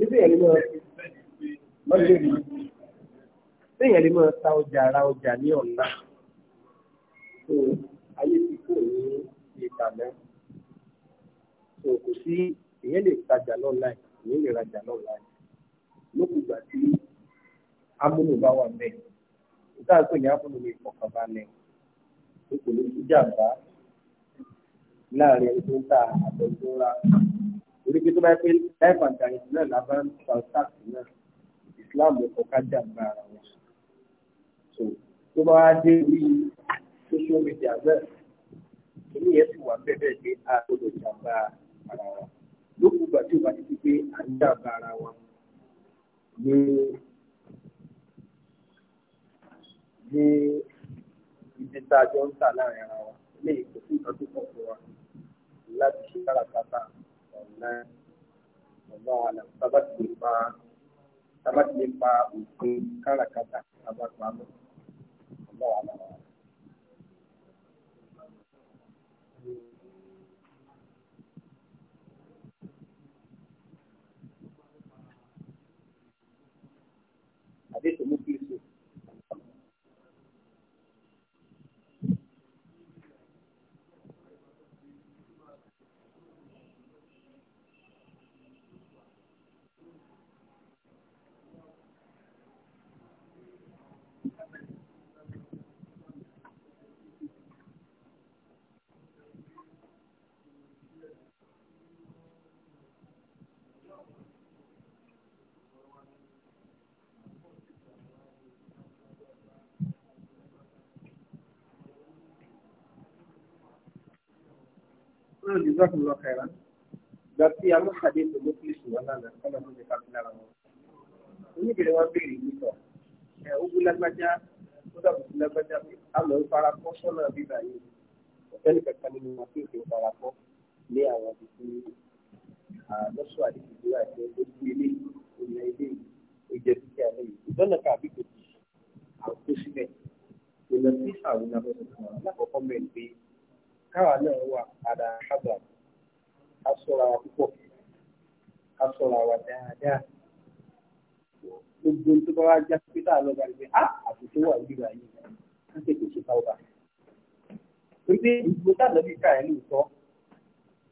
oníbẹ̀yẹ̀ lè máa lọ́lẹ̀ rí bẹ́yẹ̀ lè máa ta ọjà ra ọjà ní ọ̀la tó ayé ti kò ní ìta náà tó kò sí èyàn lè tajà lọ́la èyàn lè rajà lọ́la lókùgbà tí amúnú bá wà bẹ́ẹ̀ nígbà tó ní amúnú mi fọkànbalẹ̀ kò ní sí láàrin ẹni tó ń ta àtọ̀tún ra torí pé tó bá yẹ pé life and direct náà la bá Islam ló kọ ká ara wọn so tó bá dé orí social media náà èmi yẹn ti wà bẹ́ẹ̀ pé a gbọ́dọ̀ jàǹbá ara wa lókùn ìgbà tí o bá ti di pé à ń jàǹbá ara wa ní ní ibi tá ń tà láàrin ara wa ilé ìgbésí ìtọ́jú pọ̀ fún wa láti ṣe kárakáta náà ọ̀nà àlà tábàtì lè pa òfin káràkátà àbápamọ́. náà lè zọ́ọ̀kùn lọ kẹrà gba tí a mú pàdé tó ló kílì sùn wọn lánàá kọ́nà tó lè kápẹ́ lára wọn. oníbèrè wọn béèrè nípa ẹ ó wú lágbájá ó dàbò sí lágbájá pé a lọ ń fara pọ́ sọ́nà bíbá yìí ọ̀tẹ́ni kẹta nínú wọn kí òfin fara pọ́ lé àwọn ibi tí lọ́sọ̀ àdìsí ìlú àti ojú ilé ìlú ilé ìjẹ́ títí àlẹ́ yìí káwa náà wà padà sábà ká sọ̀rọ̀ àwọn púpọ̀ ká sọ̀rọ̀ àwọn dáadáa gbogbo tó bá wá já pítà lọ́ba rẹ̀ pé á ah, àtúntò wà nígbà yìí ká tètè ṣe káwọ́bà. torí pé gbogbo táàlọ́ bí káyà ní ìtọ́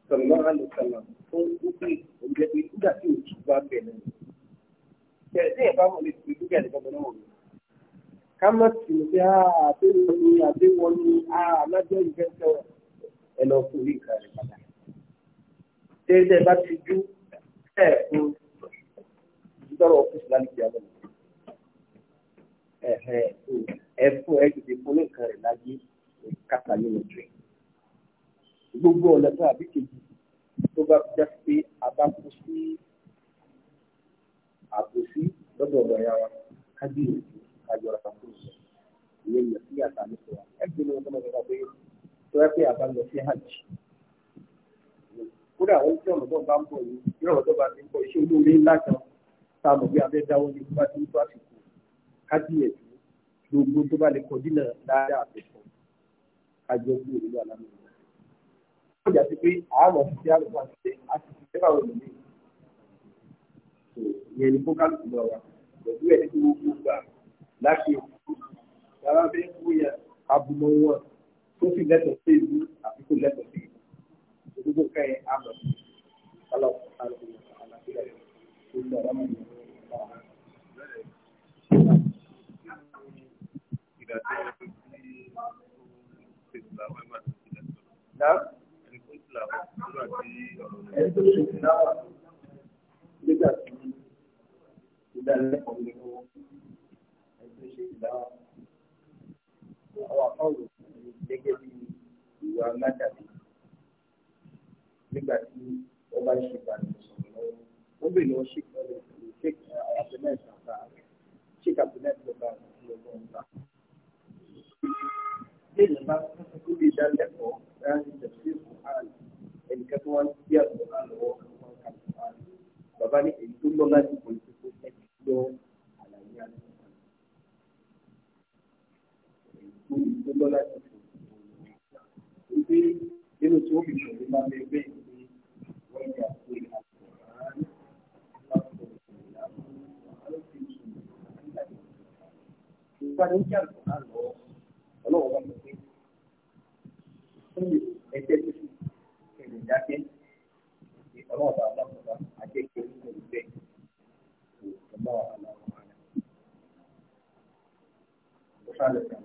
sọ̀rọ̀ lọ́wọ́ fún wípé òjò pé kúdà tí òjò bá bẹ̀ náà. Tẹ̀sí ẹ̀ bá wọn lè fi kúdà ní gbọ́dọ̀ Ká má sì ní pé ah, àbẹ̀wọ̀ ni àbẹ̀wọ̀ ni ah, àlájọ́ ìfẹ́ sọ̀rọ̀ ẹ lọ fún orí ìka rẹ̀ padà. Tẹ́lẹ̀ bá ti jú ẹ̀ fún ìdọ́rọ̀ ọ̀fíìsì lálùkì àwọn ọ̀nà. Ẹ̀hẹ̀ ẹ fún ẹ tètè fún orí ìka rẹ̀ láyé kápá nínú jù. Gbogbo ọ̀nà tó àbí kejì tó bá já sí pé a bá kú sí àbòsí lọ́dọ̀ ọ̀dọ̀ ìyá wa ká gbìyànjú ká yọra kúrò. Ìyẹn ìyẹn sí àtàlùkù wa. Ẹ gbìyànjú ọmọdé wa pé tó yẹ pé àbá lọ sí hajj kódà àwọn tí ọ̀nà tó bá ń bọ̀ yìí yóò ọ̀nà tó bá ti ń bọ̀ iṣẹ́ olóore ńlá kan tá a mọ̀ bí abẹ́ dáwọ́ ní bá ti ń tó àsìkò kábíyèsí gbogbo tó bá lè kọ dínà dáadáa àtẹ̀kọ́ àjọ bí òun wà lánàá. ó jà sí pé àárọ̀ ti ṣe àlùfáà ṣe a sì ti fẹ́ báwo ìyẹn ni fókàlù ti lọ wa pẹ̀lú ẹ̀ tí gbogbo gbà láti tó sì lẹ́tọ̀ọ́ sí ìlú àti kó lẹ́tọ̀ọ́ sí ìlú gbogbo kẹ́yẹ àmọ̀ kálọ̀ àti àlàfíà gbogbo ọ̀rọ̀ mi ní ọ̀rọ̀ ẹni tó ṣe ìdáwà nígbà tí ìdánilẹ́kọ̀ọ́ lè lọ́wọ́ ẹni tó ṣe ìdáwà àwọn àkọọ́lù gẹ́gẹ́ bí ìwà aládàbí nígbà tí wọ́n bá ṣe ìbánisọ̀rọ̀ lọ́wọ́ wọ́n bèèrè wọ́n ṣe ìkọ́lẹ̀ ìlú ṣèkì àbẹ̀lẹ̀ ìjọba ṣèkì àbẹ̀lẹ̀ ìjọba àti ọgbọ́n ńlá. bí èèyàn bá tó lè dá lẹ́kọ̀ọ́ láti tẹ̀sí ìkọ̀ àrùn ẹnìkan tó wá ń bí àgbọ̀ lọ́wọ́ wọn kà sí pé nínú tí ó fi ṣòro bá lè gbé ìgbé wọ́n yà pé Ìgbàlódé ń jà lọ́wọ́ ọlọ́wọ́ wọn pé fún ẹgbẹ́ tó sì kẹ̀lé dákẹ́ ọlọ́wọ́ bá ọlọ́wọ́ bá àjẹkẹ́ nínú ìgbẹ́ ọlọ́wọ́ àlọ́ wọn. Ó ṣàlẹ̀ kan.